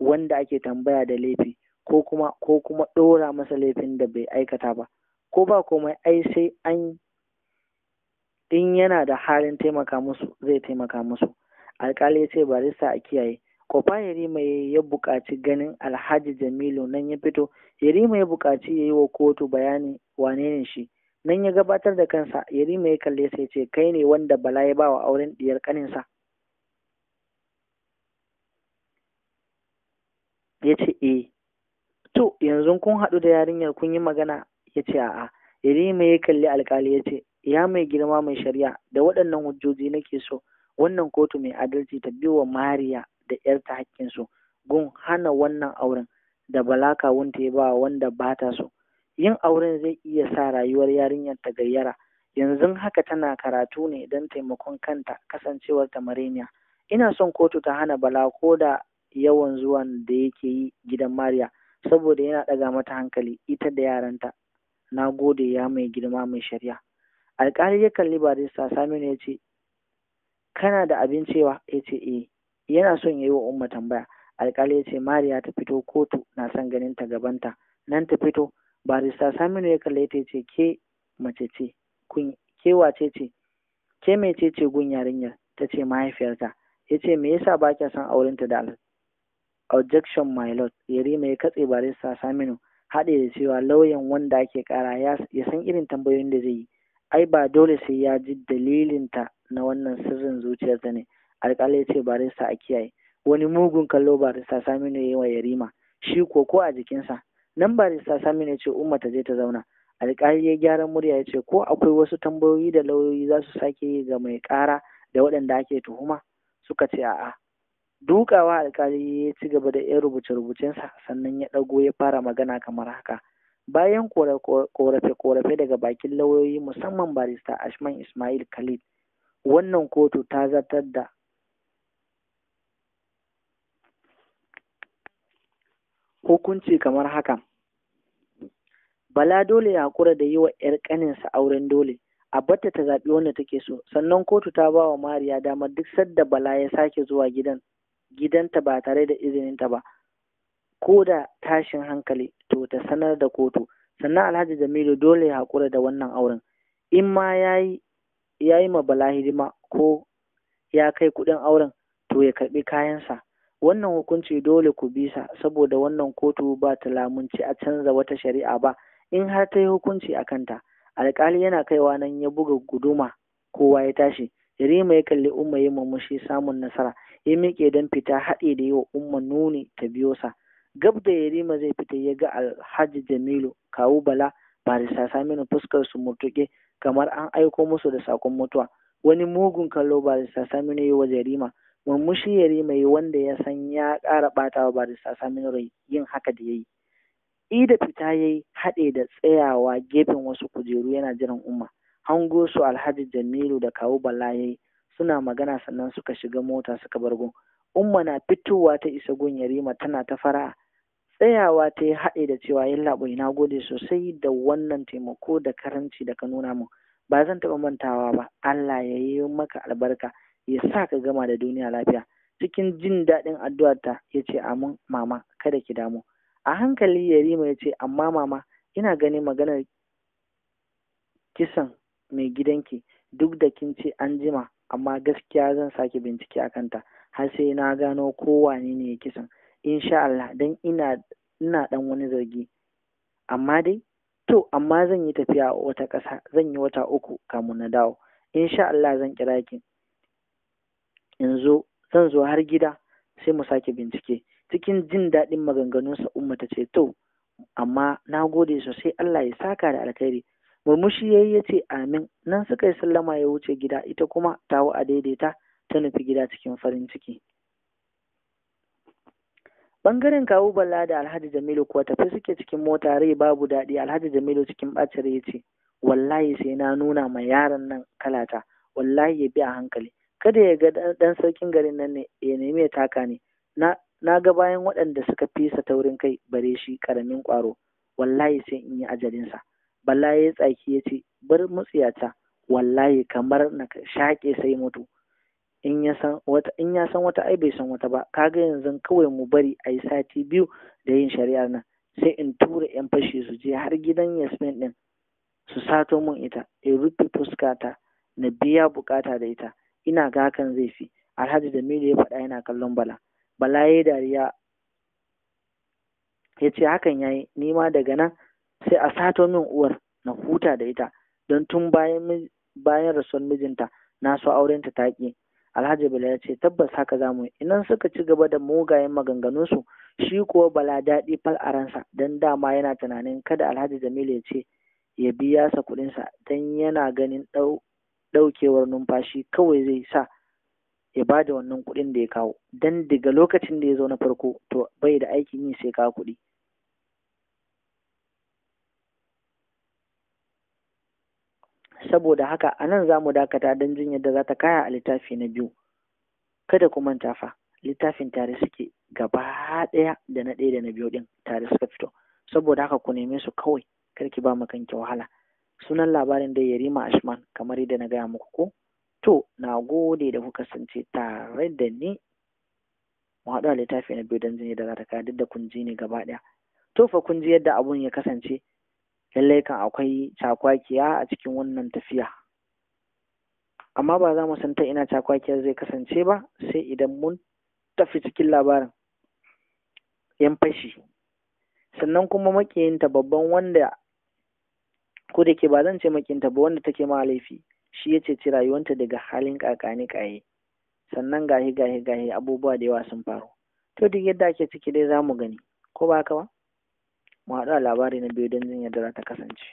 wanda ake tambaya da laifi ko kuma ko kuma ɗora masa laifin da bai aikata ba ko ba komai ai sai an in yana da halin taimaka musu zai taimaka musu alkali ya ce barista a kiyaye kofa yarima ya buƙaci ganin alhaji jamilu nan ya fito yarima ya buƙaci ya yi wa kotu bayani wane ne shi nan ya gabatar da kansa yarima ya kalle sai ce kai ne wanda bala ya ba wa auren diyar kaninsa ya ce e to yanzu kun haɗu da yarinyar kun yi magana ya ce a'a yarima ya kalle alkali ya ce ya mai girma mai shari'a da waɗannan hujjoji nake so wannan kotu mai adalci ta biyo wa mariya da yarta hakkinsu gun hana wannan auren da bala kawunta ya ba wanda ba ta so yin auren zai iya sa rayuwar yarinyar ta gayyara yanzu haka tana karatu ne don taimakon kanta kasancewar ta mareniya ina son kotu ta hana bala ko da yawan zuwan da yake yi gidan mariya saboda yana ɗaga mata hankali ita da yaranta na gode ya mai girma mai shari'a alkali ya kalli barista saminu ya ce kana da abin cewa ya ce eh yana son ya yi wa umma tambaya alkali ya ce mariya ta fito kotu na son ganin ta gabanta nan ta fito barista saminu ya kalle ta ce ke mace ce kun ke wace ce ke me ce gun yarinyar ta ce mahaifiyarta ya ce me yasa ba kya son aurenta da objection my lord yarima ya katse barista saminu haɗe da cewa lauyan wanda ake kara ya san irin tambayoyin da zai yi ai ba dole sai ya ji dalilinta na wannan sirrin zuciyarta ne alƙalai ce barista a kiyaye wani mugun kallo barista saminu ya yi wa yarima shi ko ko a jikinsa nan barista Saminu ya ce umma ta je ta zauna alƙali ya gyara murya ya ce ko akwai wasu tambayoyi da lauyoyi za su sake yi ga mai ƙara da waɗanda ake tuhuma suka ce a'a dukawa alƙali ya ci gaba da yan rubuce-rubucensa sannan ya ɗago ya fara magana kamar haka bayan korafe-korafe daga bakin lauyoyi musamman barista ashman ismail khalid wannan kotu ta zartar da hukunci kamar haka bala dole ya hakura da yi wa 'yar ƙaninsa auren dole a batta ta zaɓi wanda take so sannan kotu ta ba wa mariya damar duk sadda bala ya sake zuwa gidan gidanta ba tare da ta ba ko da tashin hankali to ta sanar da kotu sannan alhaji jamilu dole ya haƙura da wannan auren in ma ya yi ma bala hidima ko ya kai kuɗin auren to ya karɓi kayansa wannan hukunci dole ku bisa, saboda wannan kotu ba ta lamunci a canza wata shari'a ba in har ta yi hukunci a kanta alkali yana kaiwa nan ya buga guduma kowa ya tashi Yarima ya kalli Umma ya mamushi samun nasara ya miƙe don fita haɗe da yi wa Umma nuni ta biyo sa gab da Yarima zai fita ya ga Alhaji Jamilu kawu Bala barisa Saminu fuskar su murtuƙe kamar an aiko musu da sakon mutuwa wani mugun kallo sasa Saminu ya wa Jarima. murmushi Yarima yi wanda ya san ya ƙara ɓata wa barista Saminu rai yin haka da yayi. yi. Ida fita ya yi haɗe da tsayawa gefen wasu kujeru yana jiran umma. Hango su Alhaji Jamilu da kawu Bala ya suna magana sannan suka shiga mota suka bar gun. Umma na fitowa ta isa gun Yarima tana ta fara Tsayawa ta yi haɗe da cewa yin laɓo na gode sosai da wannan taimako da karanci da ka nuna min. Ba zan taɓa mantawa ba. Allah ya yi maka albarka. ya sa ka gama da duniya lafiya cikin jin daɗin addu'arta ya ce amin mama kada ki damu a hankali yarima ya ce amma mama ina ganin maganar kisan mai gidanki duk da kin ce an jima amma gaskiya zan sake bincike a kanta har sai na gano kowane ne ya kisan insha Allah don ina ina dan wani zargi amma dai to amma zan yi tafiya wata ƙasa zan yi wata uku kamun na dawo insha Allah zan kira ki yanzu zan zo har gida sai mu sake bincike cikin jin daɗin maganganunsa umma ta ce to amma na gode sosai Allah ya saka da alkhairi murmushi yayi ya ce amin nan suka yi sallama ya wuce gida ita kuma tawo a daidaita ta nufi gida cikin farin ciki bangaren kawo balla da alhaji jamilu kuwa tafi suke cikin mota rai babu daɗi alhaji jamilu cikin ɓacin rai ce wallahi sai na nuna ma yaron nan kalata wallahi ya bi a hankali kada ya ga ɗan sarkin garin nan ne ya nemi ya taka ne na ga bayan waɗanda suka fisa taurin kai bare shi ƙaramin ƙwaro wallahi sai in yi ajalinsa balla ya tsaki ya ce bar mutsiyata wallahi kamar na shaƙe sai mutu in ya san wata in ya wata ai bai san wata ba kaga yanzu kawai mu bari a yi sati biyu da yin shari'ar nan sai in tura yan fashi su je har gidan yasmin din su sato mun ita in rufe fuskata na biya bukata da ita ina ga hakan zai fi alhaji jamilu ya faɗa yana kallon bala bala ya yi dariya ya ce hakan ya yi nima daga nan sai a sato min uwar na huta da ita don tun bayan bayan rasuwar mijinta na so aurenta ta ƙi alhaji bala ya ce tabbas haka za mu yi inan suka ci gaba da mugayen maganganunsu shi kuwa bala daɗi fal a ransa don dama yana tunanin kada alhaji jamilu ya ce ya biya sa kuɗinsa don yana ganin ɗau ɗaukewar numfashi kawai zai sa ya ba da wannan kuɗin da ya kawo dan daga lokacin da ya zo na farko to bai da aikin yi sai kawo kuɗi saboda haka a nan za mu dakata don jin yadda za ta kaya a littafi na biyu kada ku manta fa littafin tare suke gaba ɗaya da na ɗaya da na biyu ɗin tare suka fito saboda haka ku neme su kawai kar ki ba makanki kanki wahala sunan labarin dai yarima ashman kamar yadda na gaya muku ko to na gode da kuka kasance tare da ni mu haɗu a littafi na biyu don jini da za ta duk da kun ji ne gaba ɗaya to fa kun ji yadda abun ya kasance lallai kan akwai cakwakiya a cikin wannan tafiya amma ba za mu san ta ina cakwakiyar zai kasance ba sai idan mun tafi cikin labarin yan fashi sannan kuma makiyinta babban wanda ko da ke ba zan ce makinta ba wanda take ma laifi shi ya ceci rayuwanta daga halin kakani kaye sannan gahi gahi gahi abubuwa da yawa sun faru to duk yadda ake ciki dai za mu gani ko ba haka ba mu haɗu a labari na biyu don jin yadda za ta kasance